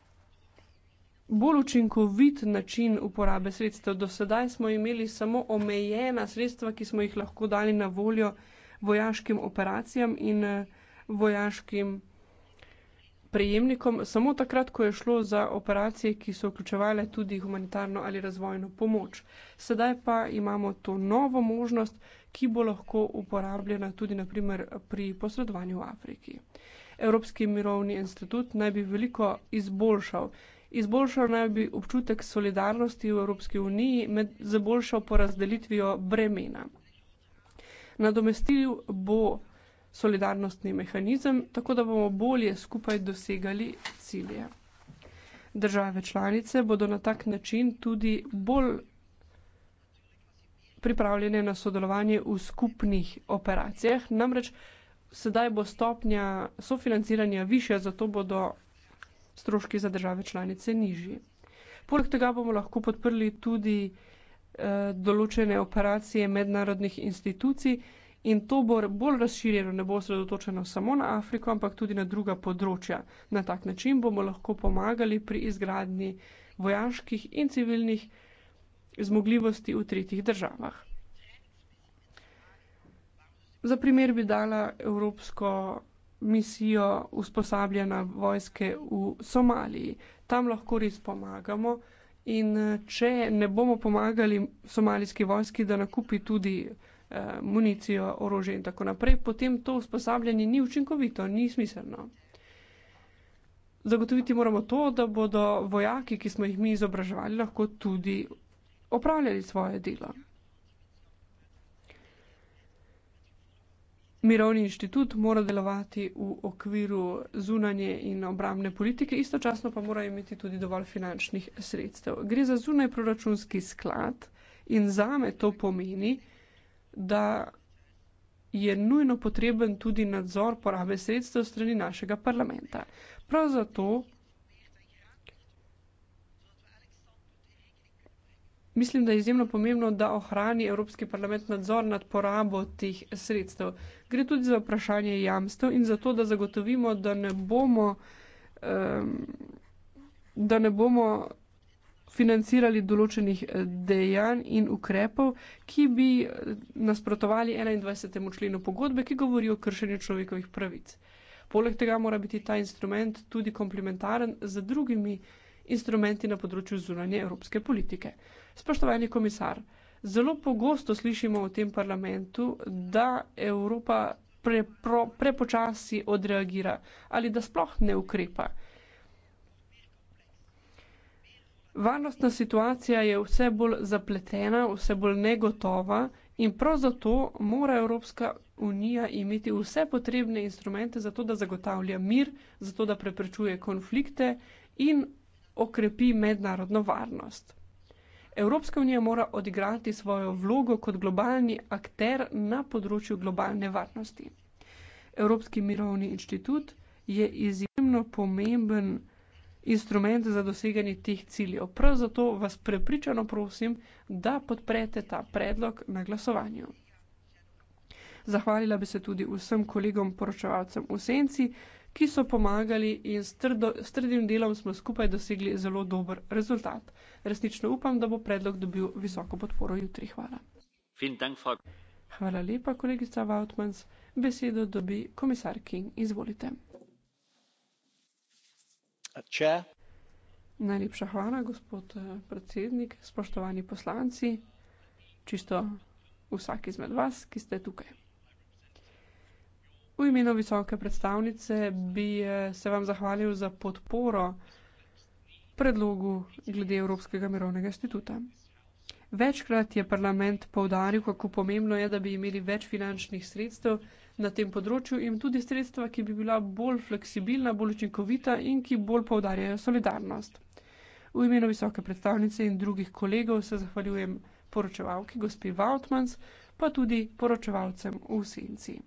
bolj učinkovit način uporabe sredstev. Do sedaj smo imeli samo omejena sredstva, ki smo jih lahko dali na voljo vojaškim operacijam in eh, vojaškim prejemnikom, samo takrat, ko je šlo za operacije, ki so vključevale tudi humanitarno ali razvojno pomoč. Sedaj pa imamo to novo možnost, ki bo lahko uporabljena tudi naprimer pri posredovanju v Afriki. Evropski mirovni institut naj bi veliko izboljšal Izboljšal naj bi občutek solidarnosti v Evropski uniji med z boljšo porazdelitvijo bremena. Nadomestil bo solidarnostni mehanizem, tako da bomo bolje skupaj dosegali cilje. Države članice bodo na tak način tudi bolj pripravljene na sodelovanje v skupnih operacijah, namreč sedaj bo stopnja sofinanciranja višja, zato bodo stroški za države članice nižji. Poleg tega bomo lahko podprli tudi eh, določene operacije mednarodnih institucij in to bo bolj razširjeno, ne bo sredotočeno samo na Afriko, ampak tudi na druga področja. Na tak način bomo lahko pomagali pri izgradnji vojaških in civilnih zmogljivosti v tretjih državah. Za primer bi dala Evropsko misijo usposabljanja vojske v Somaliji. Tam lahko res pomagamo. In eh, če ne bomo pomagali somalijski vojski, da nakupi tudi eh, municijo, orožje in tako naprej, potem to usposabljanje ni učinkovito, ni smiselno. Zagotoviti moramo to, da bodo vojaki, ki smo jih mi izobraževali, lahko tudi opravljali svoje delo. Mirovni inštitut mora delovati v okviru zunanje in obrambne politike, istočasno pa mora imeti tudi dovolj finančnih sredstev. Gre za zunaj proračunski sklad in za me to pomeni, da je nujno potreben tudi nadzor porabe sredstev strani našega parlamenta. Prav zato Mislim, da je izjemno pomembno, da ohrani Evropski parlament nadzor nad porabo teh sredstev. Gre tudi za vprašanje jamstev in za to, da zagotovimo, da ne bomo, um, da ne bomo financirali določenih eh, dejanj in ukrepov, ki bi eh, nasprotovali 21. členu pogodbe, ki govori o kršenju človekovih pravic. Poleg tega mora biti ta instrument tudi komplementaren z drugimi instrumenti na področju zunanje evropske politike. Spoštovani komisar, zelo pogosto slišimo v tem parlamentu, da Evropa prepro, prepočasi odreagira ali da sploh ne ukrepa. Varnostna situacija je vse bolj zapletena, vse bolj negotova in prav zato mora Evropska unija imeti vse potrebne instrumente za to, da zagotavlja mir, za to, da preprečuje konflikte in okrepi mednarodno varnost. Evropska unija mora odigrati svojo vlogo kot globalni akter na področju globalne varnosti. Evropski mirovni inštitut je izjemno pomemben instrument za doseganje teh ciljev. Prav zato vas prepričano prosim, da podprete ta predlog na glasovanju. Zahvalila bi se tudi vsem kolegom poročevalcem v senci, ki so pomagali in s, trdo, s trdim delom smo skupaj dosegli zelo dober rezultat. Resnično upam, da bo predlog dobil visoko podporo jutri. Hvala. Hvala lepa, kolegica Vautmans. Besedo dobi komisar King. Izvolite. Če. Najlepša hvala, gospod eh, predsednik, spoštovani poslanci, čisto vsak izmed vas, ki ste tukaj. V imenu visoke predstavnice bi eh, se vam zahvalil za podporo predlogu glede Evropskega mirovnega instituta. Večkrat je parlament povdaril, kako pomembno je, da bi imeli več finančnih sredstev na tem področju in tudi sredstva, ki bi bila bolj fleksibilna, bolj učinkovita in ki bolj povdarjajo solidarnost. V imenu visoke predstavnice in drugih kolegov se zahvaljujem poročevalki gospi Vautmans, pa tudi poročevalcem v Senci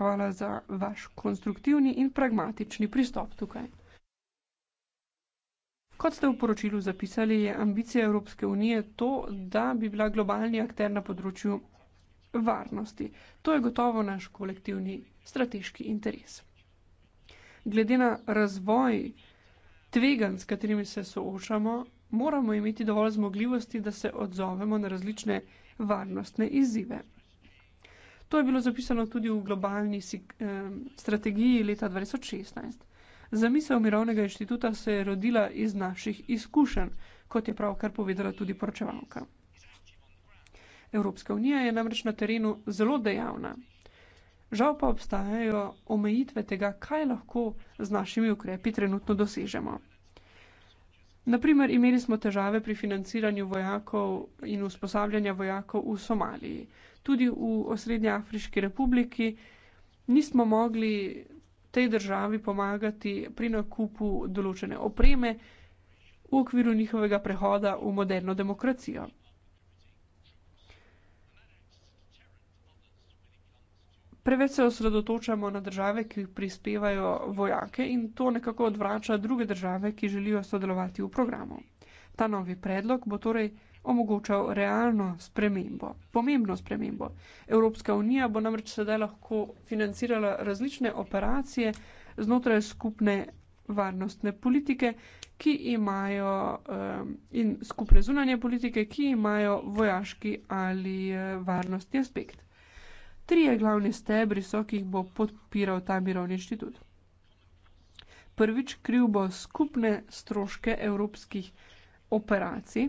hvala za vaš konstruktivni in pragmatični pristop tukaj. Kot ste v poročilu zapisali, je ambicija Evropske unije to, da bi bila globalni akter na področju varnosti. To je gotovo naš kolektivni strateški interes. Glede na razvoj tvegan, s katerimi se soočamo, moramo imeti dovolj zmogljivosti, da se odzovemo na različne varnostne izzive. To je bilo zapisano tudi v globalni eh, strategiji leta 2016. Zamisel Mirovnega inštituta se je rodila iz naših izkušenj, kot je pravkar povedala tudi poročevalka. Evropska unija je namreč na terenu zelo dejavna. Žal pa obstajajo omejitve tega, kaj lahko z našimi ukrepi trenutno dosežemo. Naprimer, imeli smo težave pri financiranju vojakov in usposabljanju vojakov v Somaliji. Tudi v Osrednji Afriški republiki nismo mogli tej državi pomagati pri nakupu določene opreme v okviru njihovega prehoda v moderno demokracijo. preveč se osredotočamo na države, ki prispevajo vojake in to nekako odvrača druge države, ki želijo sodelovati v programu. Ta novi predlog bo torej omogočal realno spremembo, pomembno spremembo. Evropska unija bo namreč sedaj lahko financirala različne operacije znotraj skupne varnostne politike, ki imajo in skupne zunanje politike, ki imajo vojaški ali eh, varnostni aspekt trije glavni stebri so, ki jih bo podpiral ta mirovni inštitut. Prvič, kriv bo skupne stroške evropskih operacij.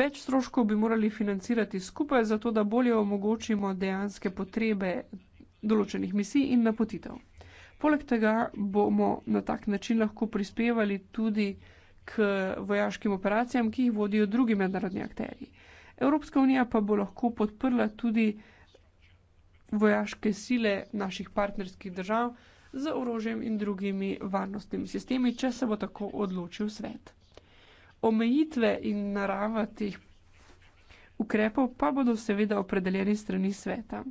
Več stroškov bi morali financirati skupaj, zato da bolje omogočimo dejanske potrebe določenih misij in napotitev. Poleg tega bomo na tak način lahko prispevali tudi k vojaškim operacijam, ki jih vodijo drugi mednarodni akterji. Evropska unija pa bo lahko podprla tudi vojaške sile naših partnerskih držav z orožjem in drugimi varnostnimi sistemi, če se bo tako odločil svet. Omejitve in narava teh ukrepov pa bodo seveda opredeljeni strani sveta.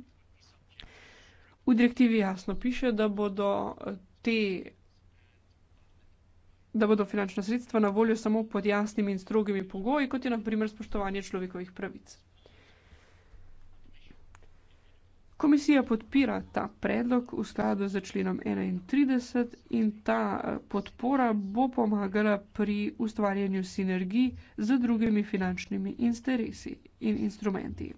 V direktivi jasno piše, da bodo te da bodo finančna sredstva na voljo samo pod jasnimi in strogimi pogoji, kot je naprimer spoštovanje človekovih pravic. Komisija podpira ta predlog v skladu z členom 31 in ta eh, podpora bo pomagala pri ustvarjanju sinergij z drugimi finančnimi interesi in instrumenti.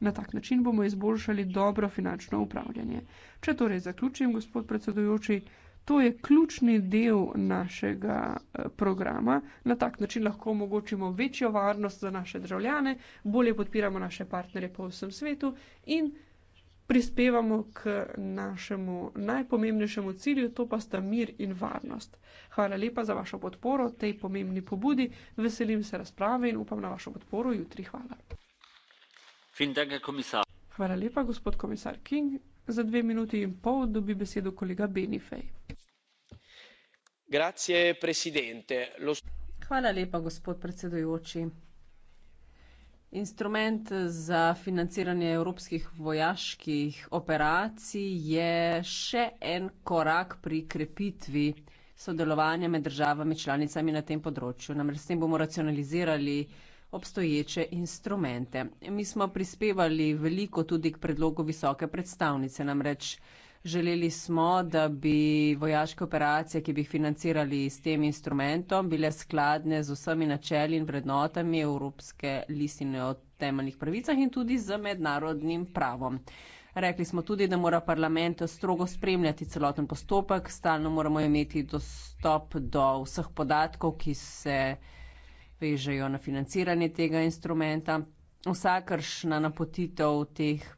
Na tak način bomo izboljšali dobro finančno upravljanje. Če torej zaključim, gospod predsedujoči, to je ključni del našega eh, programa. Na tak način lahko omogočimo večjo varnost za naše državljane, bolje podpiramo naše partnere po vsem svetu in vsem prispevamo k našemu najpomembnejšemu cilju, to pa sta mir in varnost. Hvala lepa za vašo podporo tej pomembni pobudi, veselim se razprave in upam na vašo podporo jutri. Hvala. Hvala lepa, gospod komisar King. Za dve minuti in pol dobi besedo kolega Benifej. Hvala lepa, gospod predsedujoči. Instrument za financiranje evropskih vojaških operacij je še en korak pri krepitvi sodelovanja med državami članicami na tem področju. Namreč s tem bomo racionalizirali obstoječe instrumente. Mi smo prispevali veliko tudi k predlogu visoke predstavnice, namreč Želeli smo, da bi vojaške operacije, ki bi jih financirali s tem instrumentom, bile skladne z vsemi načeli in vrednotami Evropske listine o temeljnih pravicah in tudi z mednarodnim pravom. Rekli smo tudi, da mora parlament strogo spremljati celoten postopek, stalno moramo imeti dostop do vseh podatkov, ki se vežejo na financiranje tega instrumenta. Vsakršna napotitev teh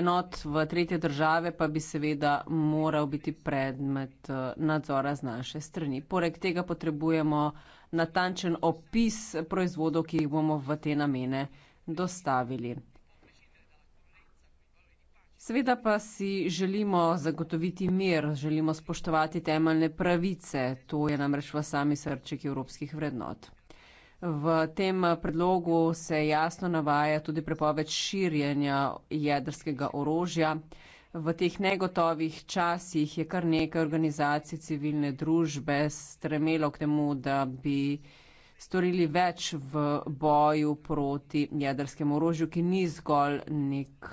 enot v tretje države pa bi seveda moral biti predmet eh, nadzora z naše strani. Poleg tega potrebujemo natančen opis proizvodov, ki jih bomo v te namene dostavili. Seveda pa si želimo zagotoviti mir, želimo spoštovati temeljne pravice, to je namreč v sami srčiki evropskih vrednot. V tem predlogu se jasno navaja tudi prepoved širjenja jedrskega orožja. V teh negotovih časih je kar nekaj organizacij civilne družbe stremelo k temu, da bi storili več v boju proti jedrskemu orožju, ki ni zgolj nek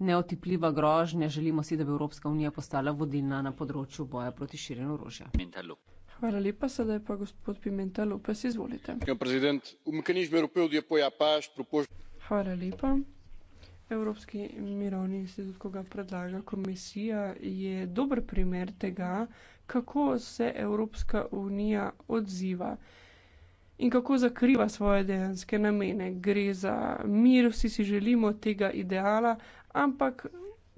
neotipljiva grožnja. Želimo si, da bi Evropska unija postala vodilna na področju boja proti širjenju orožja. Mentalo gospa predsednica v mehanizmu europeo de apoyo apache. hvala lepa. evropski mirovni institut ki ga predlaga komisija je dober primer tega kako se evropska unija odziva in kako zakriva svoje dejanske namene. gre za mir vsi si želimo tega ideala ampak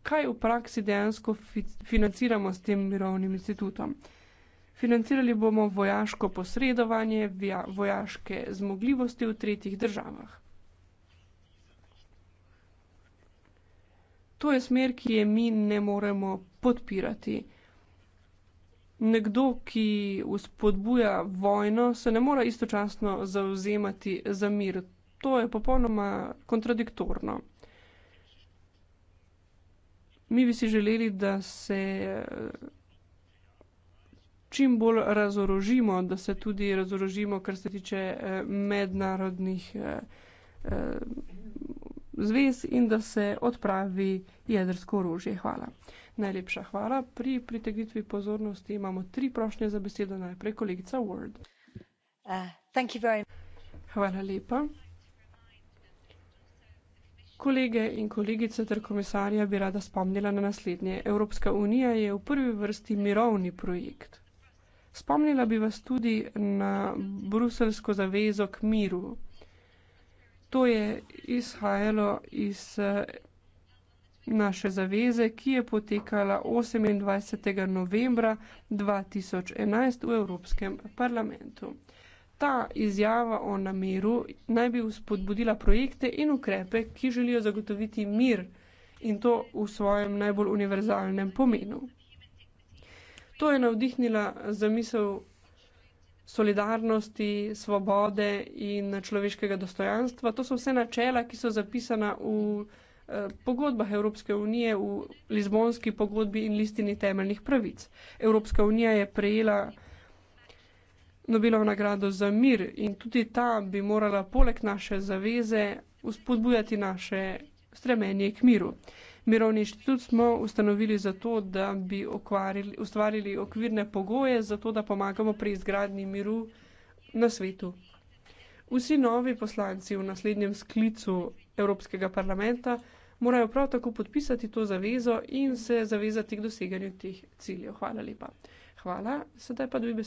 kaj v praksi dejansko financiramo s tem mirovnim institutom? financirali bomo vojaško posredovanje, vojaške zmogljivosti v tretjih državah. To je smer, ki je mi ne moremo podpirati. Nekdo, ki uspodbuja vojno, se ne mora istočasno zauzemati za mir. To je popolnoma kontradiktorno. Mi bi si želeli, da se čim bolj razorožimo, da se tudi razorožimo, kar se tiče eh, mednarodnih eh, eh, zvez in da se odpravi jedrsko orožje. Hvala. Najlepša hvala. Pri pritegnitvi pozornosti imamo tri prošnje za besedo. Najprej kolegica Ward. Uh, hvala lepa. Kolege in kolegice ter komisarja bi rada spomnila na naslednje. Evropska unija je v prvi vrsti mirovni projekt. Spomnila bi vas tudi na bruselsko zavezo k miru. To je izhajalo iz eh, naše zaveze, ki je potekala 28. novembra 2011 v Evropskem parlamentu. Ta izjava o nameru naj bi spodbudila projekte in ukrepe, ki želijo zagotoviti mir in to v svojem najbolj univerzalnem pomenu. To je navdihnila zamisel solidarnosti, svobode in človeškega dostojanstva. To so vse načela, ki so zapisana v eh, pogodbah Evropske unije, v Lizbonski pogodbi in listini temeljnih pravic. Evropska unija je prejela Nobelovo nagrado za mir in tudi ta bi morala poleg naše zaveze uspodbujati naše stremenje k miru. Mirovni inštitut smo ustanovili zato, da bi okvarili, ustvarili okvirne pogoje za to, da pomagamo pri izgradnji miru na svetu. Vsi novi poslanci v naslednjem sklicu Evropskega parlamenta morajo prav tako podpisati to zavezo in se zavezati k doseganju teh ciljev. Hvala lepa. Hvala, sedaj pa dve besedi.